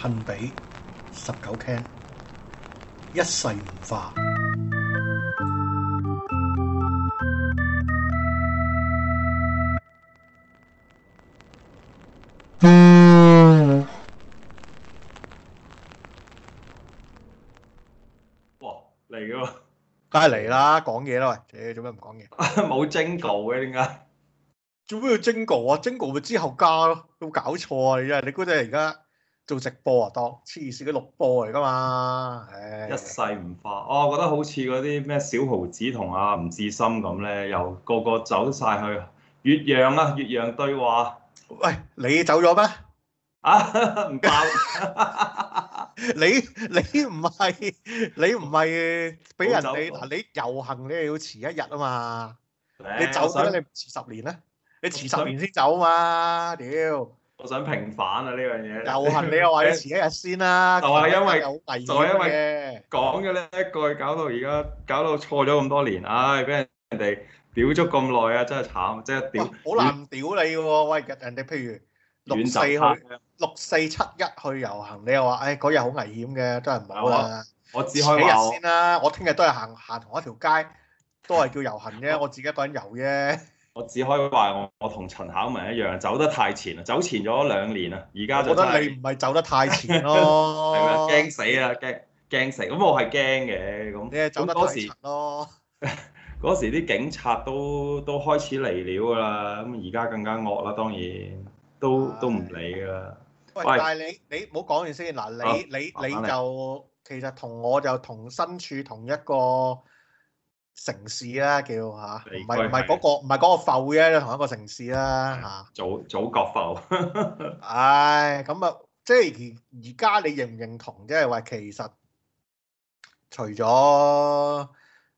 幸比 19Ken，一世唔化。哇！嚟噶，梗係嚟啦，講嘢啦喂，你做咩唔講嘢？冇 jingle 嘅點解？做咩要 jingle 啊？jingle 咪之後加咯，有冇搞錯啊？你真係你估而家。做直播啊，當黐線嘅錄播嚟噶嘛！一世唔化、哦，我覺得好似嗰啲咩小豪子同阿吳志森咁咧，又個個走晒去越洋啊，越洋對話。喂，你走咗咩？啊，唔夠 你你唔係你唔係俾人哋嗱，你遊行你又要遲一日啊嘛！呃、你走咗想你遲十年咧，你遲十年先走啊嘛？屌！我想平反啊！呢樣嘢遊行你又話要遲一日先啦、啊， 就係因為好危險嘅，講咗咧一句搞到而家搞到錯咗咁多年，唉、哎，俾人哋屌足咁耐啊，真係慘！即係屌好難屌你喎、啊，喂，人哋譬如六四去六四七一去遊行，你又話，哎，嗰日好危險嘅，真係冇啊！我只去幾日先啦、啊？我聽日都係行行同一條街，都係叫遊行啫， 我自己一個人遊啫。我只可以話我我同陳巧文一樣走得太前啦，走前咗兩年啦，而家就真係覺得你唔係走得太前咯，驚 死啦，驚驚死咁我係驚嘅咁。你係走得太前咯，嗰時啲警察都都開始嚟料噶啦，咁而家更加惡啦，當然都的都唔理噶啦。喂，喂但係你你唔好講完先嗱，你你你就其實同我就同身處同一個。城市啦，啊，叫吓，唔係唔係嗰個唔係嗰個埠啫，同一個城市啦，啊、吓。嗯啊、祖祖國埠、哎。唉，咁啊，即係而而家你認唔認同，即係話其實除咗喺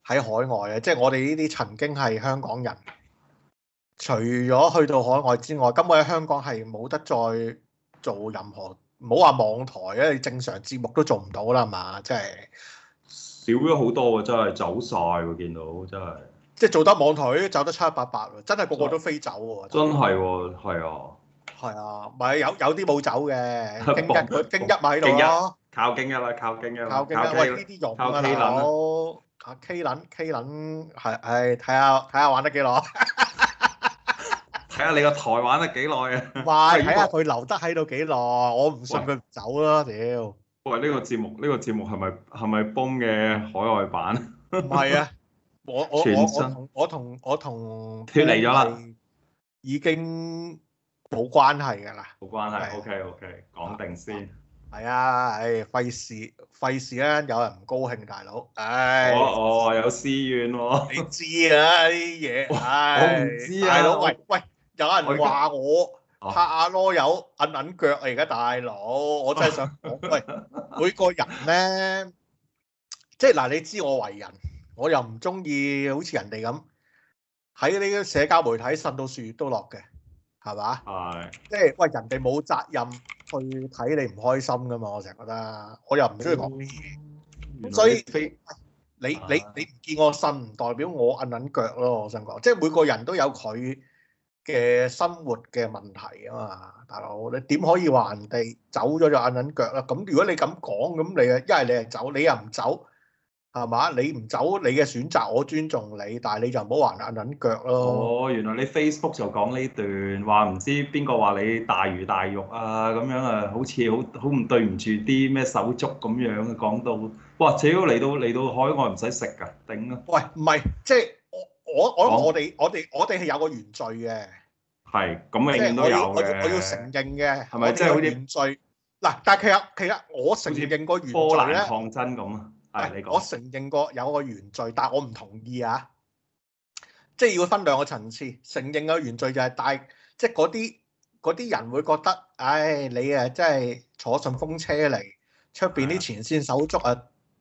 海外啊，即係我哋呢啲曾經係香港人，除咗去到海外之外，根本喺香港係冇得再做任何，唔好話網台啊，因為正常節目都做唔到啦，係嘛，即係。少咗好多喎，真係走曬喎，見到真係。即係做得網台，走得七七八八喎，真係個個都飛走喎。真係喎，係啊，係啊，咪有有啲冇走嘅，京一佢京一咪喺度咯。靠京一啦，靠京一啦。靠京一呢啲用啊，靠 K 輪，K 輪係係睇下睇下玩得幾耐，睇下你個台玩得幾耐啊！咪睇下佢留得喺度幾耐，我唔信佢唔走啦，屌！喂，呢個節目呢個節目係咪係咪 Boom 嘅海外版？唔係啊，我我我同我同脫離咗啦，已經冇關係㗎啦，冇關係。OK OK，講定先。係啊，唉，費事費事啦，有人唔高興，大佬唉。我我有私怨喎，你知啊呢啲嘢，唉，我唔知啊。大佬喂喂，有人話我。拍阿羅柚，摁撚腳啊！而家大佬，我真係想講，喂， 每個人咧，即係嗱，你知我為人，我又唔中意好似人哋咁喺呢個社交媒體呻到樹葉都落嘅，係嘛？係、 就是。即係喂，人哋冇責任去睇你唔開心噶嘛？我成日覺得，我又唔中意講。所以、啊、你你你唔見我呻，唔代表我摁撚腳咯。我想講，即、就、係、是、每個人都有佢。嘅生活嘅問題啊嘛，大佬你點可以話人哋走咗就硬揞腳啦？咁如果你咁講，咁你一係你係走，你又唔走，係嘛？你唔走，你嘅選擇我尊重你，但係你就唔好話人哋硬揞腳咯。哦，原來你 Facebook 就講呢段話，唔知邊個話你大魚大肉啊咁樣啊，好似好好唔對唔住啲咩手足咁樣講到，哇！只要嚟到嚟到海外唔使食㗎，頂啊！喂，唔係即係我我說我我哋我哋我哋係有個原罪嘅。係，咁明，明都有嘅。我要承認嘅係咪即係啲原罪？嗱，但係其實其實我承認個原罪咧。好似波蘭抗爭、哎、你講我承認個有個原罪，但我唔同意啊！即係要分兩個層次承認個原罪就，就係但即係嗰啲啲人會覺得，唉、哎，你啊真係坐順風車嚟出邊啲前線手足啊！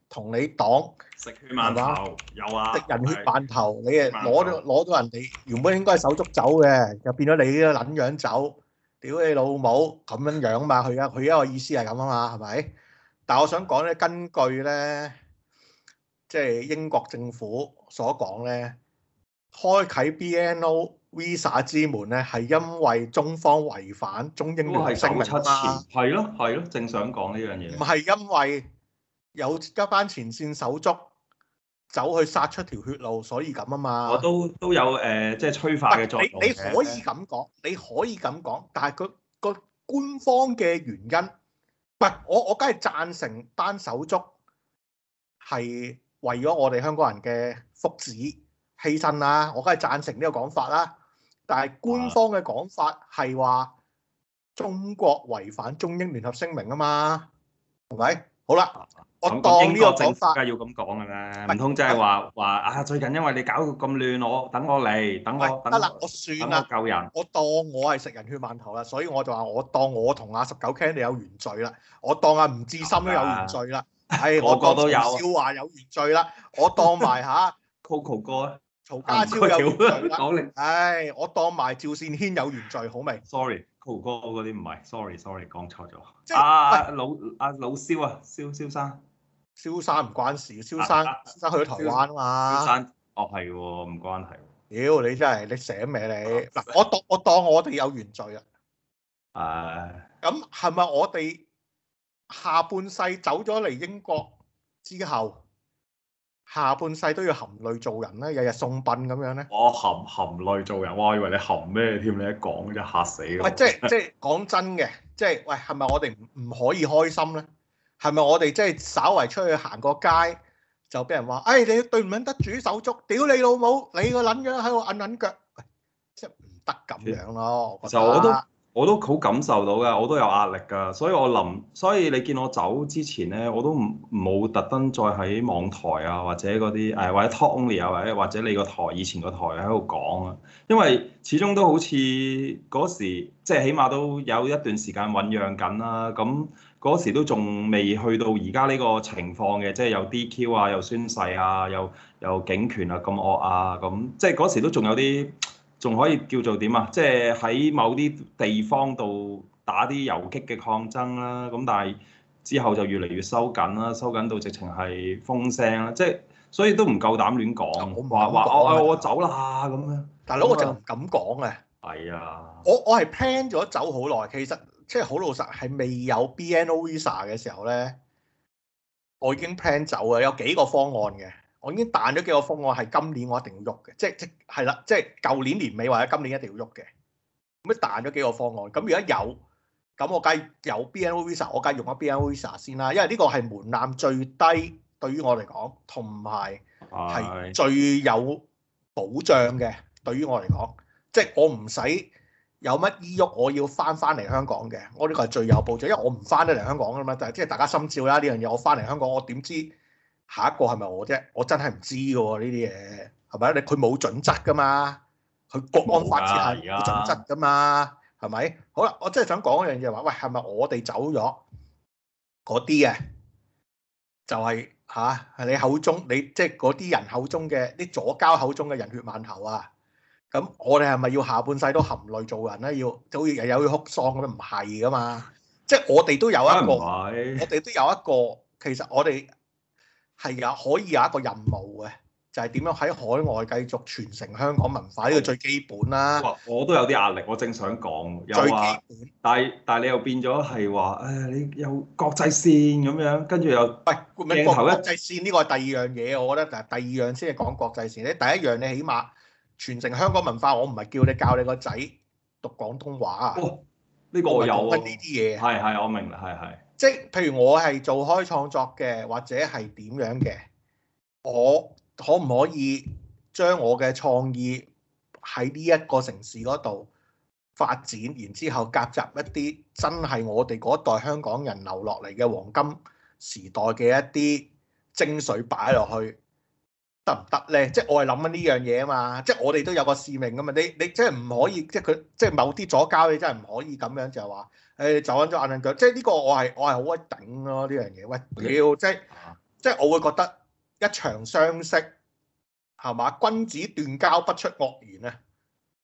同你擋食血饅頭有啊，食人血饅頭，你誒攞咗攞到人哋，你原本應該係手足走嘅，就變咗你呢個撚樣走，屌你老母咁樣樣嘛，佢而家佢而家嘅意思係咁啊嘛，係咪？但係我想講咧，根據咧，即係英國政府所講咧，開啟 BNO Visa 之門咧，係因為中方違反中英的聲明啦。係咯係咯，正想講呢樣嘢。唔係因為。有一班前線手足走去殺出條血路，所以咁啊嘛，我都都有誒，即係催化嘅作用。你可以咁講，你可以咁講，但係佢個官方嘅原因，唔係我我梗係贊成單手足係為咗我哋香港人嘅福祉犧牲啦，我梗係贊成呢個講法啦。但係官方嘅講法係話中國違反中英聯合聲明啊嘛，係咪好啦？我當呢個整法梗要咁講㗎啦，唔通真係話話啊最近因為你搞到咁亂，我等我嚟，等我得啦，我算啦，救人。我當我係食人血饅頭啦，所以我就話我當我同阿十九 Ken 你有原罪啦，我當阿吳志森有原罪啦，係我當都有。要話有原罪啦，我當埋嚇 Coco 哥，曹家超又講你。唉，我當埋趙善軒有原罪。好未？Sorry，Coco 哥嗰啲唔係，sorry sorry，講錯咗。啊，老啊老蕭啊，蕭蕭生。蕭生唔關事，蕭生蕭生去咗台灣啊嘛。蕭生哦，係喎，唔關係。屌、哎，你真係你醒咩？你嗱、啊，我當我當我哋有原罪啊。唉。咁係咪我哋下半世走咗嚟英國之後，下半世都要含淚做人咧？日日送殯咁樣咧？我、哦、含含淚做人，哇！我以為你含咩添？你一講就嚇、是、死、即係即係、我。喂，即係即係講真嘅，即係喂，係咪我哋唔可以開心咧？ 係咪我哋即係稍為出去行個街就俾人話？誒、哎，你對唔緊得住手足，屌你老母！你個撚樣喺度揞揞腳，哎、即係唔得咁樣咯。就我都我都好感受到㗎，我都有壓力㗎，所以我臨，所以你見我走之前咧，我都唔冇特登再喺網台啊，或者嗰啲誒，或者 Tony 啊，或者或者你個台以前個台喺度講啊，因為始終都好似嗰時即係起碼都有一段時間醞釀緊啦，咁。嗰時都仲未去到而家呢個情況嘅，即係有 DQ 啊，又宣誓啊，又有警權啊咁惡啊咁，即係嗰時都仲有啲，仲可以叫做點啊？即係喺某啲地方度打啲遊擊嘅抗爭啦。咁但係之後就越嚟越收緊啦、啊，收緊到直情係風聲啦、啊。即係所以都唔夠膽亂講，話話我走啦咁哥樣。大佬、哎呀，我就唔敢講啊。係啊。我我係 plan 咗走好耐，其實。即係好老實，係未有 BNO Visa 嘅時候咧，我已經 plan 走嘅，有幾個方案嘅，我已經彈咗幾個方案係今年我一定要喐嘅，即即係啦，即係舊年年尾或者今年一定要喐嘅。咁彈咗幾個方案，咁如果有，咁我梗係有 BNO Visa，我梗係用咗 BNO Visa 先啦，因為呢個係門檻最低對於我嚟講，同埋係最有保障嘅。對於我嚟講，即係我唔使。有乜依喐？我要翻翻嚟香港嘅，我呢個係最有保障嘅，因為我唔翻得嚟香港噶嘛。但係即係大家心照啦，呢樣嘢我翻嚟香港，我點知下一個係咪我啫？我真係唔知嘅喎，呢啲嘢係咪你佢冇準則噶嘛？佢國安法之下冇準則噶嘛？係咪？好啦，我真係想講一樣嘢，話喂，係咪我哋走咗嗰啲啊？就係吓，係你口中，你即係嗰啲人口中嘅啲左膠口中嘅人血饅頭啊！咁我哋係咪要下半世都含淚做人咧？要，到日有要哭喪咁樣？唔係噶嘛，即係我哋都有一個，我哋都有一個，其實我哋係有可以有一個任務嘅，就係點樣喺海外繼續傳承香港文化呢個最基本啦。我都有啲壓力，我正想講，又話，但係但係你又變咗係話，誒，你有國際線咁樣，跟住又，唔係，唔係國國際線呢個係第二樣嘢，我覺得，但係第二樣先係講國際線，你第一樣你起碼。傳承香港文化，我唔係叫你教你個仔讀廣東話呢、哦呢個有呢啲嘢係係我明啦，係係。即係譬如我係做開創作嘅，或者係點樣嘅，我可唔可以將我嘅創意喺呢一個城市嗰度發展，然之後夾雜一啲真係我哋嗰代香港人留落嚟嘅黃金時代嘅一啲精髓擺落去？得唔得咧？即係我係諗緊呢樣嘢啊嘛，即係我哋都有個使命噶嘛。你你即係唔可以，即係佢即係某啲左交，你真係唔可以咁樣就話誒走緊咗眼眼腳。即係呢個我係我係好鬼頂咯呢樣嘢。喂，屌，即係即係我會覺得一場相識係嘛，君子斷交不出惡言咧。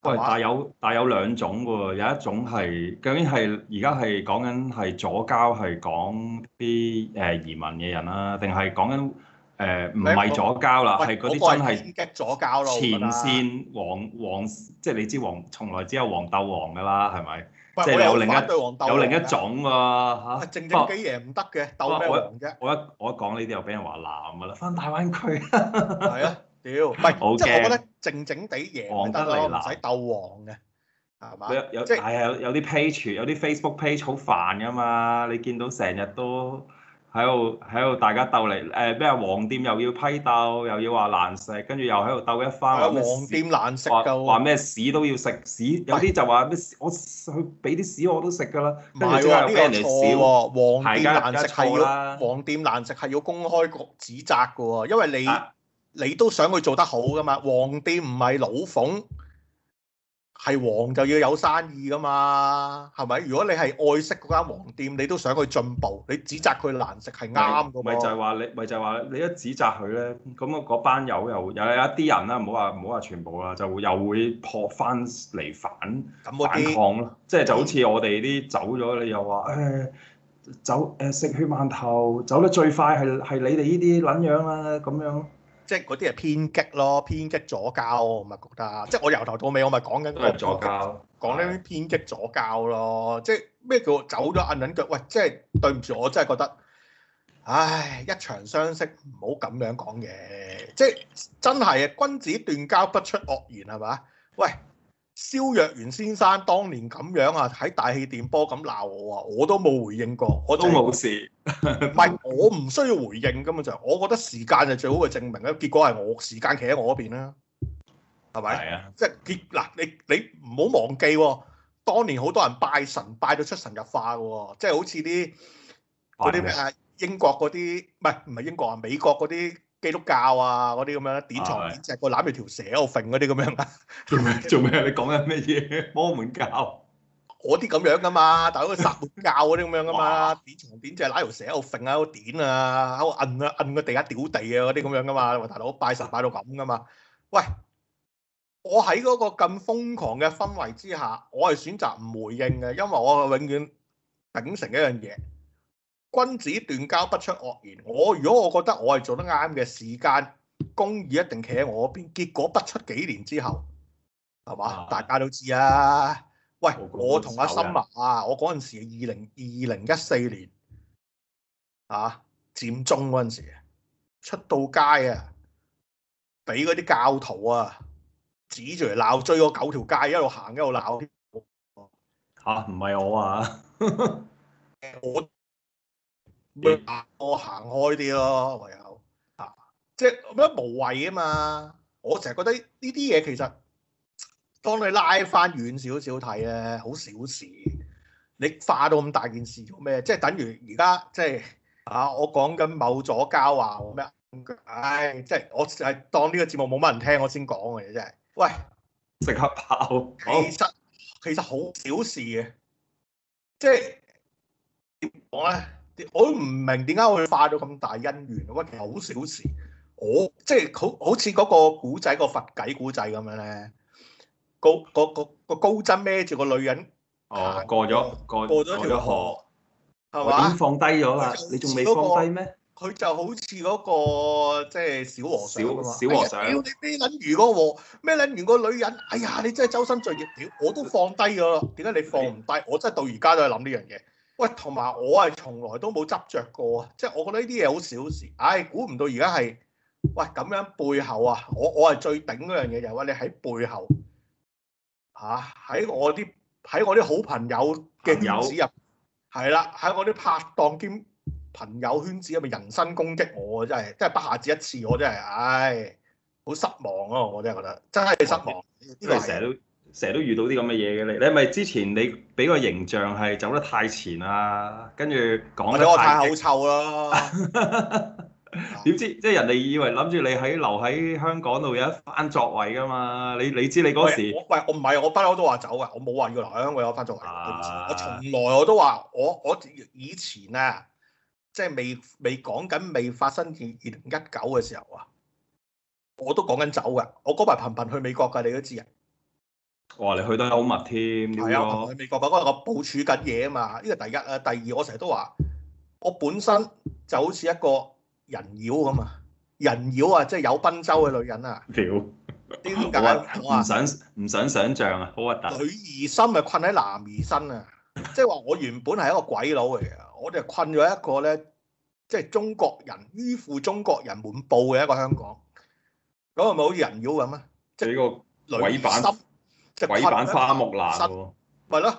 喂，但有但有兩種嘅，有一種係究竟係而家係講緊係左交，係講啲誒移民嘅人啦，定係講緊？誒唔係左膠啦，係嗰啲真係前線黃黃，即係你知黃從來只有黃鬥黃噶啦，係咪？即係有另一有另一種喎嚇。正正幾贏唔得嘅，鬥咩黃啫？我一我一講呢啲又俾人話藍噶啦，翻大灣區係咯屌，唔係即係我覺得正正地贏得嚟咯，唔使鬥黃嘅係嘛？有即係有啲 page 有啲 Facebook page 好煩噶嘛，你見到成日都。喺度喺度大家鬥嚟，誒咩黃店又要批鬥，又要話難食，跟住又喺度鬥一番。黃、啊、店難食㗎喎，話咩屎都要食屎，有啲就話咩、啊、我佢俾啲屎我都食㗎啦。買咗啲人哋屎喎，黃店難食係要黃店難食係要公開局指責㗎喎，因為你、啊、你都想佢做得好㗎嘛，黃店唔係老馮。係黃就要有生意噶嘛，係咪？如果你係愛惜嗰間黃店，你都想佢進步，你指責佢難食係啱嘅。咪就係話你，咪就係話你一指責佢咧，咁啊班友又又有一啲人啦，唔好話唔好話全部啦，就又會破翻嚟反些反抗咯。即係就好似我哋啲走咗，你又話誒走誒食血饅頭，走得最快係係你哋呢啲撚樣啦咁樣。即係嗰啲係偏激咯，偏激左膠，我咪覺得。即係我由頭到尾，我咪講緊嗰個左膠，講啲膠偏激左膠咯。即係咩叫走咗硬忍腳？喂，即係對唔住，我真係覺得，唉，一場相識唔好咁樣講嘢。即係真係啊，君子斷交不出惡言係嘛？喂。蕭若元先生當年咁樣啊，喺大氣電波咁鬧我啊，我都冇回應過，我、就是、都冇沒事，唔 係我唔需要回應根本就，我覺得時間就最好嘅證明啦，結果係我時間企喺我嗰邊啦，係咪啊？即係結嗱，你你唔好忘記、哦、當年好多人拜神拜到出神入化噶、哦，即係好似啲啲咩英國嗰啲，唔係唔係英國啊，美國嗰啲。基督教啊，嗰啲咁樣，點牀點隻個攬住條蛇喺度揈嗰啲咁樣嘛？做咩？做咩？你講緊咩嘢？摩門教嗰啲咁樣噶嘛？大佬撒旦教嗰啲咁樣噶嘛？點牀點隻攬條蛇喺度揈啊，喺度點啊，喺度按啊，按個地下屌地啊，嗰啲咁樣噶嘛？大佬拜神拜到咁噶嘛？喂，我喺嗰個咁瘋狂嘅氛圍之下，我係選擇唔回應嘅，因為我係永遠秉承一樣嘢。君子斷交不出惡言。我如果我覺得我係做得啱嘅，時間公義一定企喺我邊。結果不出幾年之後，係嘛？啊、大家都知啊。喂，嗯、我同阿森啊，嗯、我嗰陣時二零二零一四年啊佔中嗰陣時，出到街啊，俾嗰啲教徒啊指住嚟鬧，追我九條街，一路行一路鬧。吓、啊，唔係我啊，我。 唔好行開啲咯，唯有嚇、啊，即係咩無謂啊嘛！我成日覺得呢啲嘢其實，當你拉翻遠少少睇咧，好小事，你化到咁大件事做咩？即係等於而家即係啊！我講緊某左膠啊咩？唉、哎，即係我係當呢個節目冇乜人聽我，我先講嘅嘢即係。喂，即刻跑！其實其實好小事嘅，即係點講咧？我都唔明點解會化咗咁大恩怨，喂，其實好小事。我即係、即係、好好似嗰個古仔個佛偈古仔咁樣咧，高嗰嗰個高僧孭住個女人，哦過咗過過咗條河，係嘛？已經放低咗啦？你仲未放低咩？佢就好似嗰、嗰個即係、嗰個即係、小和尚啊嘛！屌你咩撚魚個和尚，孭撚魚個女人，哎呀你真係周身罪業，屌我都放低咗啦。點解你放唔低？我真係到而家都係諗呢樣嘢。喂，同埋我係從來都冇執着過啊！即係我覺得呢啲嘢好小事，唉，估唔到而家係喂咁樣背後啊！我我係最頂嗰樣嘢就係話你喺背後嚇喺我啲喺我啲好朋友嘅圈子入，係啦喺我啲拍檔兼朋友圈子入，啊人身攻擊我啊！真係，真係不下止一次，我真係唉，好失望咯！我真係覺得真係失望，啲人成日都～是成日都遇到啲咁嘅嘢嘅你，你咪之前你俾個形象係走得太前啊，跟住講得太我，我太口臭咯。點 知即係人哋以為諗住你喺留喺香港度有一番作為噶嘛？你你知你嗰時喂我唔係我不嬲都話走嘅，我冇話要留喺香港有番作為。我，啊、我從來都我都話我我以前啊，即係未未講緊未發生二零一九嘅時候啊，我都講緊走嘅。我嗰排頻頻去美國㗎，你都知啊。哇！你去到歐物添，係、這個、啊，去美國嗰個部署緊嘢啊嘛。呢個第一啊，第二我成日都話，我本身就好似一個人妖咁啊，人妖啊，即係有賓州嘅女人啊。屌了，點解？我唔想唔想想像啊，好核突。女兒心啊，困喺男兒身啊，即係話我原本係一個鬼佬嚟嘅，我哋困咗一個咧，即係中國人迂腐，中國人滿布嘅一個香港，咁係咪好似人妖咁啊？即係一個鬼版。即鬼板花木蘭喎，咪咯，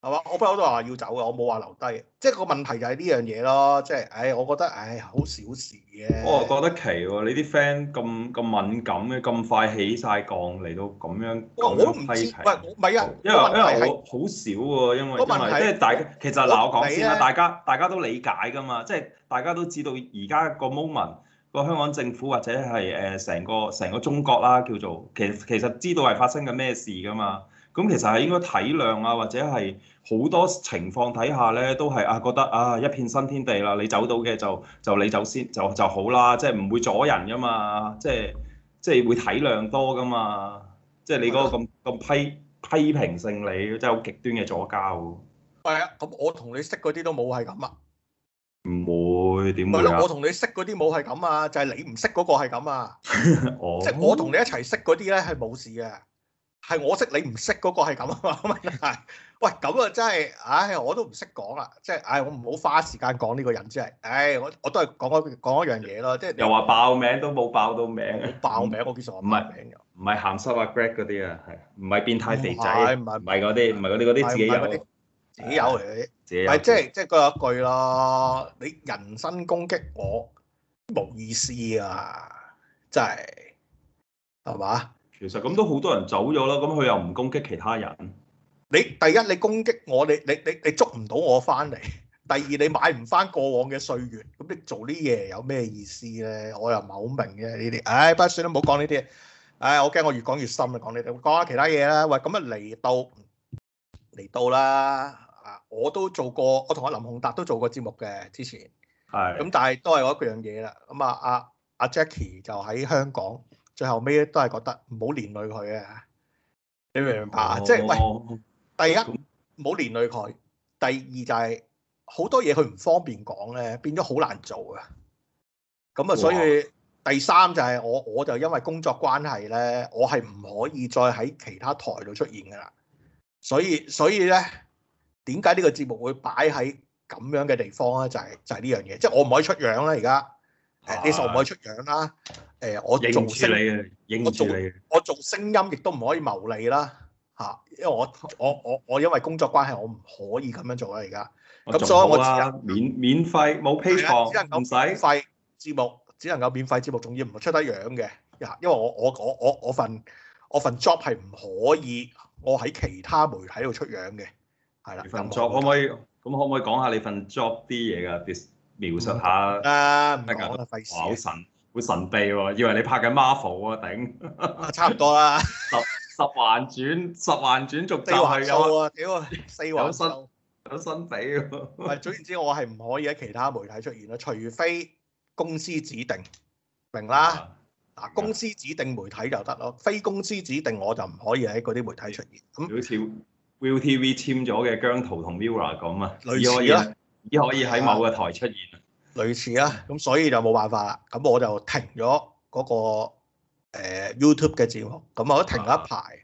係 嘛樂？我不嬲都話要走嘅，我冇話留低。即個問題就係呢樣嘢咯。即係，唉，我覺得唉好小事嘅。我覺得奇喎，你啲 friend 咁咁敏感嘅，咁快起晒降嚟到咁樣，我我唔知，唔係啊。因為因為我好少喎，因為個問題，因為大家其實嗱我講先啦，大家大家都理解㗎嘛。即係大家都知道而家個 moment。個香港政府或者係誒成個成個中國啦，叫做其實其實知道係發生緊咩事噶嘛？咁其實係應該體諒啊，或者係好多情況底下咧，都係啊覺得啊一片新天地啦，你走到嘅就就你走先就就，就好啦，即係唔會阻人噶嘛，即係即係會體諒多噶嘛，即係你嗰個咁咁的批批評性你，你真係好極端嘅阻膠。係啊，咁我同你識嗰啲都冇係咁啊，冇。哎、會點、啊？係咯，我同你識嗰啲冇係咁啊，就係、是、你唔識嗰個係咁啊。 哦、即係我同你一齊識嗰啲咧係冇事嘅，係我識你唔識嗰個係咁啊嘛。問題喂，咁啊真係，唉、哎，我都唔識講啦。即係唉、哎，我唔好花時間講呢個人啫。唉、哎，我我都係講一講一樣嘢咯。即係又話爆名都冇爆到名，嗯、我爆名我叫做唔係名唔係鹹濕啊，Greg 嗰啲啊，係唔係變態肥仔？唔係唔係嗰啲，唔係嗰啲自己人。自己有嚟，自己有。唔係即係即係嗰句咯。你人身攻擊我，冇意思啊！真係，係嘛？其實咁都好多人走咗啦。咁佢又唔攻擊其他人。你第一，你攻擊我，你你你你捉唔到我返嚟。第二，你買唔返過往嘅歲月，咁你做啲嘢有咩意思咧？我又唔係好明嘅呢啲。唉，不算啦，唔好講呢啲。唉，我驚我越講越深啊！講呢啲，講下其他嘢啦。喂，咁啊嚟到嚟到啦～我都做過，我同阿林洪達都做過節目嘅之前，係咁的，但係都係嗰一個樣嘢啦。咁啊，阿、啊、阿 Jacky 就喺香港，最後尾都係覺得唔好連累佢啊。你明唔明白啊？即係喂，第一唔好連累佢，第二就係、是、好多嘢佢唔方便講咧，變咗好難做啊。咁啊，所以哇第三就係我我就因為工作關係咧，我係唔可以再喺其他台度出現㗎啦。所以所以咧。點解呢個節目會擺喺咁樣嘅地方咧？就係、係、就係呢樣嘢，即係我唔可以出樣啦。而家其實我唔可以出樣啦。誒，我應住你嘅，應住你。我做聲音亦都唔可以牟利啦，嚇！因為我我我我因為工作關係，我唔可以咁樣做啦。而家咁所以，我只有免免費冇 Patreon，只能夠免費節目，只能夠免費節目，仲要唔出得樣嘅。因為我我我我，我，我份我份 job 係唔可以我喺其他媒體度出樣嘅。係啦，份 job、嗯、可唔可以？咁、嗯、可唔可以講下你份 job 啲嘢㗎？描述下。啊、嗯，唔係㗎，好神哇，好神秘喎。以為你拍緊 Marvel 啊。頂。差唔多啦。 十十環轉，十環轉續都係有。啊，屌啊，四環有新有新比喎。唔總言之，我係唔可以喺其他媒體出現啦，除非公司指定，明啦。嗱的，白公司指定媒體就得咯，非公司指定我就唔可以喺嗰啲媒體出現。咁少少。Will TV 簽咗嘅姜濤同 Mirror 咁啊，依可以依可以喺某個台出現啊， 類似啦、啊。咁所以就冇辦法啦，咁我就停咗嗰、那個、呃、YouTube 嘅節目，咁我都停咗一排，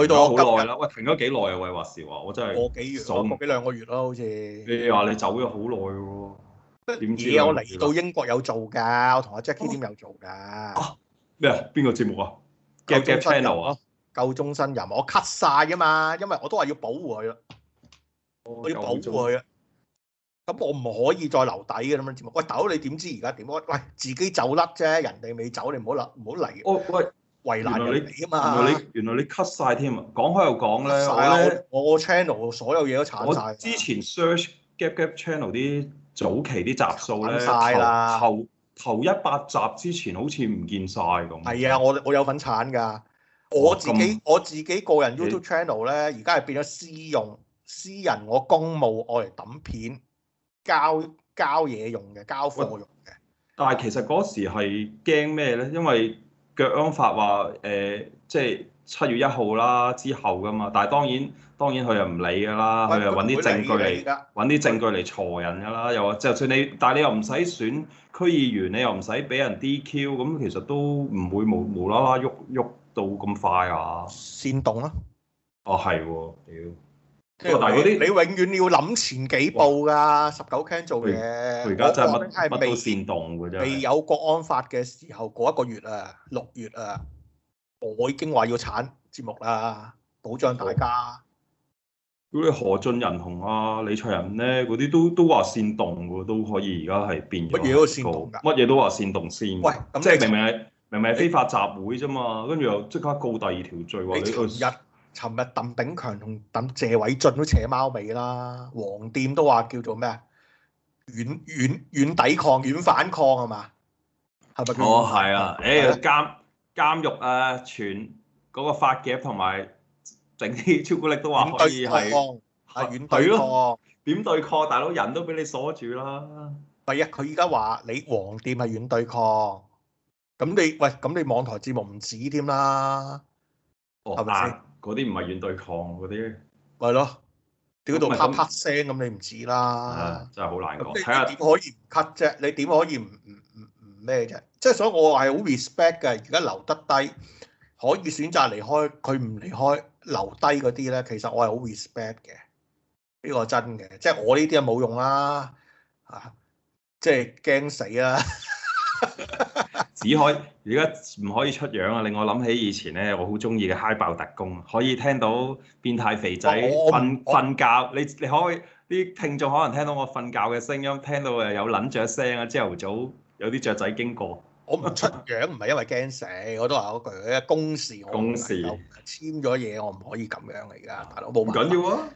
去到好耐啦，喂，停咗幾耐啊？喂，話時話，我真係個幾月，個幾兩個月咯，好似 你話你走咗好耐喎，點知我嚟到英國有做㗎，我同阿 Jackie t、啊、有做㗎。咩啊？邊個節目啊？Game g 夾 Channel 啊？夠終身人，我 cut 曬啊嘛，因為我都話要保護佢啦，我要保護佢啊。咁我唔可以再留底嘅咁嘅節目。喂，豆，你點知而家點？喂，自己走甩啫，人哋未走，你唔好唔好嚟。喂，你哦、喂為難人哋啊嘛，原，原來你原來你 cut 曬添啊！講開又講咧，我我 channel 所有嘢都鏟晒。之前 search gap gap channel 啲早期啲集數咧，曬啦。頭頭一百集之前好似唔見晒咁。係啊，我我有份鏟㗎。我自己我自己個人 YouTube channel 咧，而家係變咗私用私人，我公務，我嚟抌片交交嘢用嘅，交貨用嘅。但係其實嗰時係驚咩咧？因為國安法話誒、呃，即係七月一號啦之後㗎嘛。但係當然當然佢又唔理㗎啦，佢又揾啲證據嚟揾啲證據嚟裁人㗎啦。又話就算你，但係你又唔使選區議員，你又唔使俾人 DQ，咁其實都唔會無無啦啦喐喐。到咁快啊！煽動啊！哦，係喎，屌！即係但係嗰啲你永遠要諗前幾步㗎，19Ken 做嘅嘢。佢而家就係乜都煽動㗎啫。未有國安法嘅時候嗰一個月啊，六月啊，我已經話要剷節目啦，保障大家。嗰啲何俊仁同啊李卓仁咧，嗰啲都都話煽動㗎，都可以而家係變乜嘢都煽動㗎，乜嘢都話煽動先。喂，咁即係明明明明係非法集會啫嘛，跟住又即刻告第二條罪喎。你尋日、尋日，鄧炳強同鄧謝偉俊都扯貓尾啦，黃店都話叫做咩？軟軟軟抵抗、軟反抗係嘛？係咪哦，係啊，誒監監獄啊，全嗰、嗰個法夾同埋整啲朱古力都話可以係係軟對抗。點對抗？點對抗？大佬人都俾你鎖住啦。第一，佢依家話你黃店係軟對抗。咁你喂，咁你網台節目唔止添啦，係咪？嗰啲唔係遠對抗嗰啲，係咯，屌到啪啪聲咁，你唔止啦，真係好難講。你睇下點可以唔 cut 啫？你點可以唔唔唔咩啫？即係所以，就是、我係好 respect 嘅。而家留得低，可以選擇離開，佢唔離開留低嗰啲咧，其實我係好 respect 嘅。呢、這個真嘅，即、就、係、是、我呢啲啊冇用啦，啊、就是，即係驚死啦！ 只可以而家唔可以出樣啊！令我諗起以前咧，我好中意嘅嗨爆特工，可以聽到變態肥仔瞓瞓、哦、覺。你你可以啲聽眾可能聽到我瞓覺嘅聲音，聽到誒有捻雀聲啊，朝頭早有啲雀仔經過。我唔出樣，唔係因為驚死，我都話嗰句，公事。公事我簽咗嘢，我唔可以咁樣嚟噶，大佬冇唔緊要啊。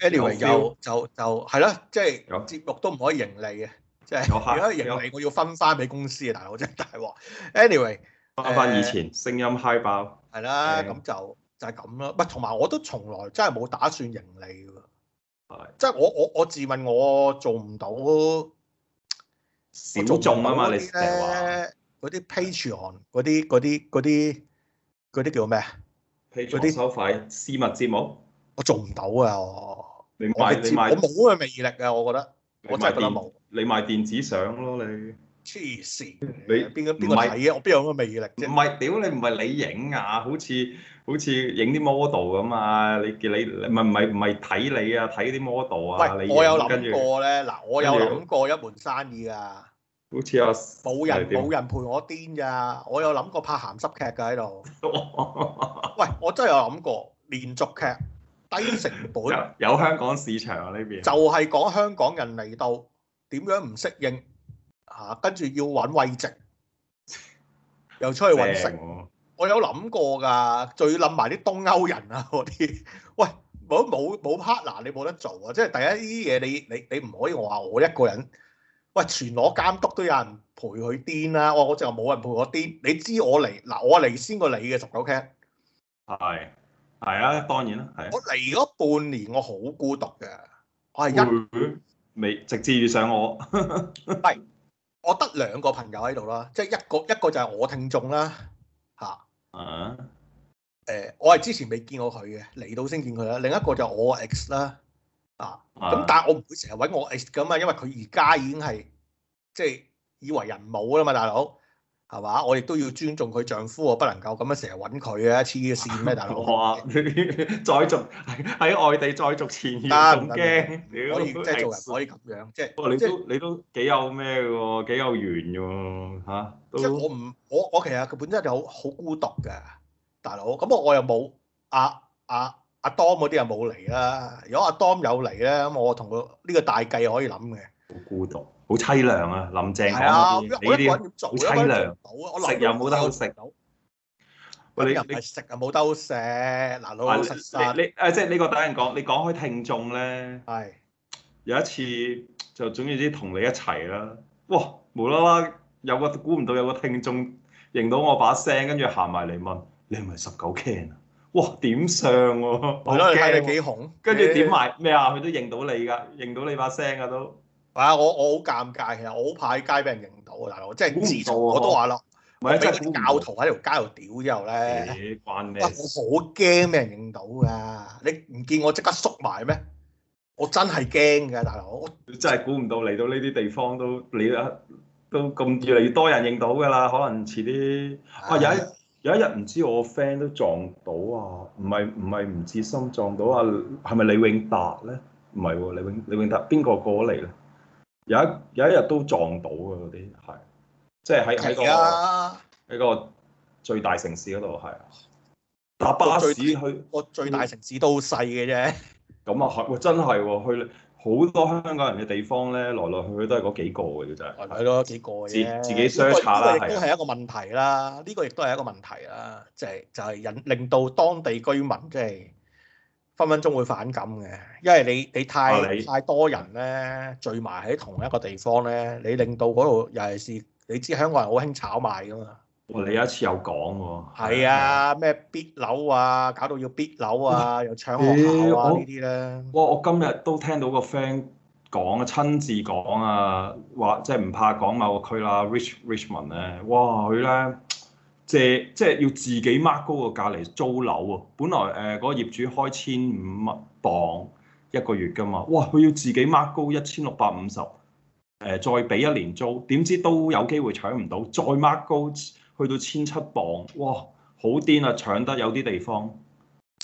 Anyway Anyway, 就就係啦，即係節目都唔可以盈利嘅。即係如果係盈利，我要分翻俾公司啊！大佬真係大鑊 anyway，翻翻以前聲音 high 爆，係啦，咁就就係咁啦。唔同埋我都從來真係冇打算盈利嘅喎。即係我我我自問我做唔到。我做唔到啊嘛？你成日話嗰啲 patron，嗰啲嗰啲嗰啲嗰啲叫咩啊？嗰啲手法，私密節目，我做唔到啊！我我冇嘅魅力啊！我覺得我真係覺得冇。你賣電子相咯，你黐線！你邊個邊個睇啊？我邊有咁嘅魅力？唔係，屌你唔係你影啊！好似好似影啲 model 咁啊！你叫你唔係唔係唔係睇你啊！睇啲 model 啊！喂，你，我有諗過咧，嗱，我有諗過一門生意啊！好似有冇人冇人陪我癲㗎？我有諗過拍鹹濕劇㗎喺度。喂，我真係有諗過連續劇低成本，有香港市場啊呢邊？就係講香港人嚟到。點樣唔適應？嚇、啊，跟住要揾位值，又出去揾食。啊、我有諗過㗎，最諗埋啲東歐人啊嗰啲。喂，冇冇冇 partner，你冇得做啊！即係第一啲嘢，你你你唔可以話我一個人。喂，全裸監督都有人陪佢癲啦。我我淨係冇人陪我癲。你知我嚟嗱，我嚟先過你嘅十九 Ken。係係啊，當然啦。我嚟咗半年，我好孤獨嘅。我係一。未直至遇上我， 係我得兩個朋友喺度啦，即、就、係、是、一個一個就係我聽眾啦，嚇、啊，誒、啊呃，我係之前未見過佢嘅，嚟到先見佢啦。另一個就係我 X 啦，啊，咁、啊啊、但係我唔會成日揾我 X 噶嘛，因為佢而家已經係即係已為人母啦嘛，大佬。係嘛？我亦都要尊重佢丈夫，我不能夠咁樣成日揾佢啊！黐綫咩，大佬？ 哇！再續喺外地再續前緣啊！唔驚 怕，你的可以即係做人可以咁樣，即、就、係、是。哇！你都你都幾有咩嘅？幾有緣嘅吓？啊、即係我唔，我我其實佢本身就好好孤獨嘅，大佬。咁我我又冇阿阿阿當嗰啲又冇嚟啦。如果阿當有嚟咧，咁我同佢呢個大計可以諗嘅。好孤獨。好淒涼啊！林鄭講嘅啲，呢啲好淒涼。食又冇得好食。你唔係食又冇得食。嗱，我十九。你啊，即係呢個等人講，你講開聽眾咧。係。有一次就總之同你一齊啦。哇！無啦啦有個估唔到有個聽眾認到我把聲，跟住行埋嚟問：你係咪十九 Ken 啊？哇！點上喎？係咯，睇你幾紅。跟住點埋咩啊？佢都認到你㗎，認到你把聲㗎都。係啊！我我好尷尬，其實我好怕喺街俾人認到啊，大佬。即係自從我都話啦，唔係即係教徒喺條街度屌之後咧，慣你。我好驚俾人認到㗎，你唔見我即刻縮埋咩？我真係驚㗎，大佬。真係估唔到嚟到呢啲地方都你啊，都咁越嚟越多人認到㗎啦。可能遲啲啊，有一有一日唔知我 friend 都撞到啊，唔係唔係吳志森撞到啊？係咪李永達咧？唔係喎，李永李永達邊個過嚟咧？有一有一日都撞到嘅嗰啲，係即係喺喺個喺個最大城市嗰度，係搭巴士去個最，最大城市都細嘅啫。咁啊係，真係、哦、去好多香港人嘅地方咧，來來去去都係嗰幾個嘅啫。係咯，來來幾個嘅啫。自自己相查啦，都係一個問題啦，呢是個亦都係一個問題啦，即、這、係、個、就係、是就是、引令到當地居民即係。就是分分鐘會反感嘅，因為你你太、啊、太多人咧聚埋喺同一個地方咧，你令到嗰度尤其是你知香港人好興炒賣㗎嘛。哦、你有一次有講喎。係啊，咩、啊、必樓啊，搞到要必樓啊，啊又搶學校啊、欸、呢啲咧。哇！我今日都聽到個 friend 講，親自講啊，話即係唔怕講某個區啦，Rich Richmond 咧，哇佢咧～借即係要自己 mark 高個價嚟租樓啊。本來誒嗰、呃那個業主開千五磅一個月㗎嘛，哇！佢要自己 mark 高一千六百五十，誒再俾一年租，點知都有機會搶唔到，再 mark 高去到千七磅，哇！好癲，癲啊，搶得有啲地方。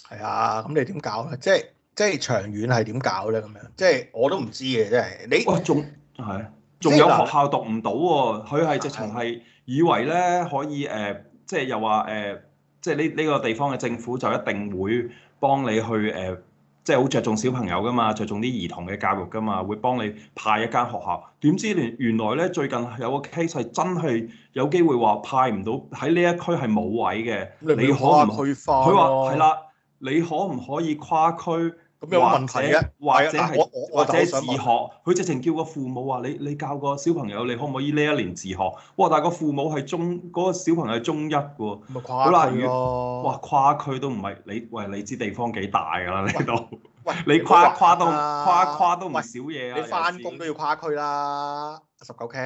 係啊，咁你點搞咧？即係即係長遠係點搞咧？咁樣即係我都唔知嘅，即係你哇仲係啊，仲有學校讀唔到喎，佢係、啊、直情係以為咧可以誒。呃即係又話誒、呃，即係呢呢個地方嘅政府就一定會幫你去誒、呃，即係好着重小朋友㗎嘛，着重啲兒童嘅教育㗎嘛，會幫你派一間學校。點知連原來咧，最近有個 case 係真係有機會話派唔到喺呢一區係冇位嘅、啊，你可唔佢話係啦，你可唔可以跨區？咩問題啊？或者係或者自學，佢直情叫個父母話：你你教個小朋友，你可唔可以呢一年自學？哇！但係個父母係中嗰個小朋友係中一喎，好啦，哇跨區都唔係你喂，你知地方幾大㗎啦？你度你跨跨都跨跨都唔係少嘢啊！你翻工都要跨區啦，十九 K，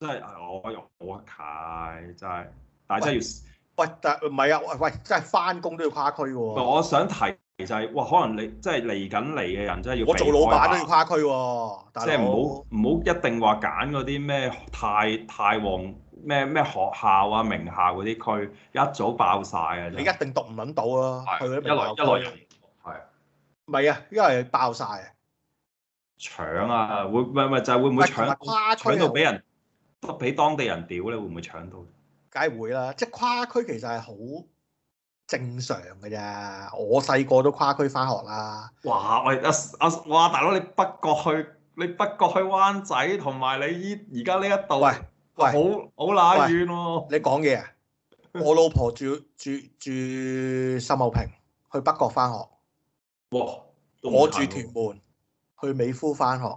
真係我用我睇真係，但係真係要喂，但唔係啊！喂喂，真係翻工都要跨區喎。我想提。其實、就是、哇，可能你即係嚟緊嚟嘅人真要，真係要我做老闆都要跨區喎、啊。即係唔好唔好一定話揀嗰啲咩太太旺咩咩學校啊名校嗰啲區，一早爆晒啊！你一定讀唔撚到啊的！一來一來人啊，唔係啊？一來人爆晒啊！搶啊！會唔係唔就係、是、會唔會搶搶到俾人不俾當地人屌咧？你會唔會搶到？梗係會啦！即係跨區其實係好。正常嘅啫，我細個都跨區翻學啦。哇，我阿阿我大佬，你北角去，你北角去灣仔同埋你依而家呢一度，喂喂，好好乸遠喎。你講嘢，我老婆住住住，住秀茂坪，去北角翻學。啊、我住屯門，去美孚翻學，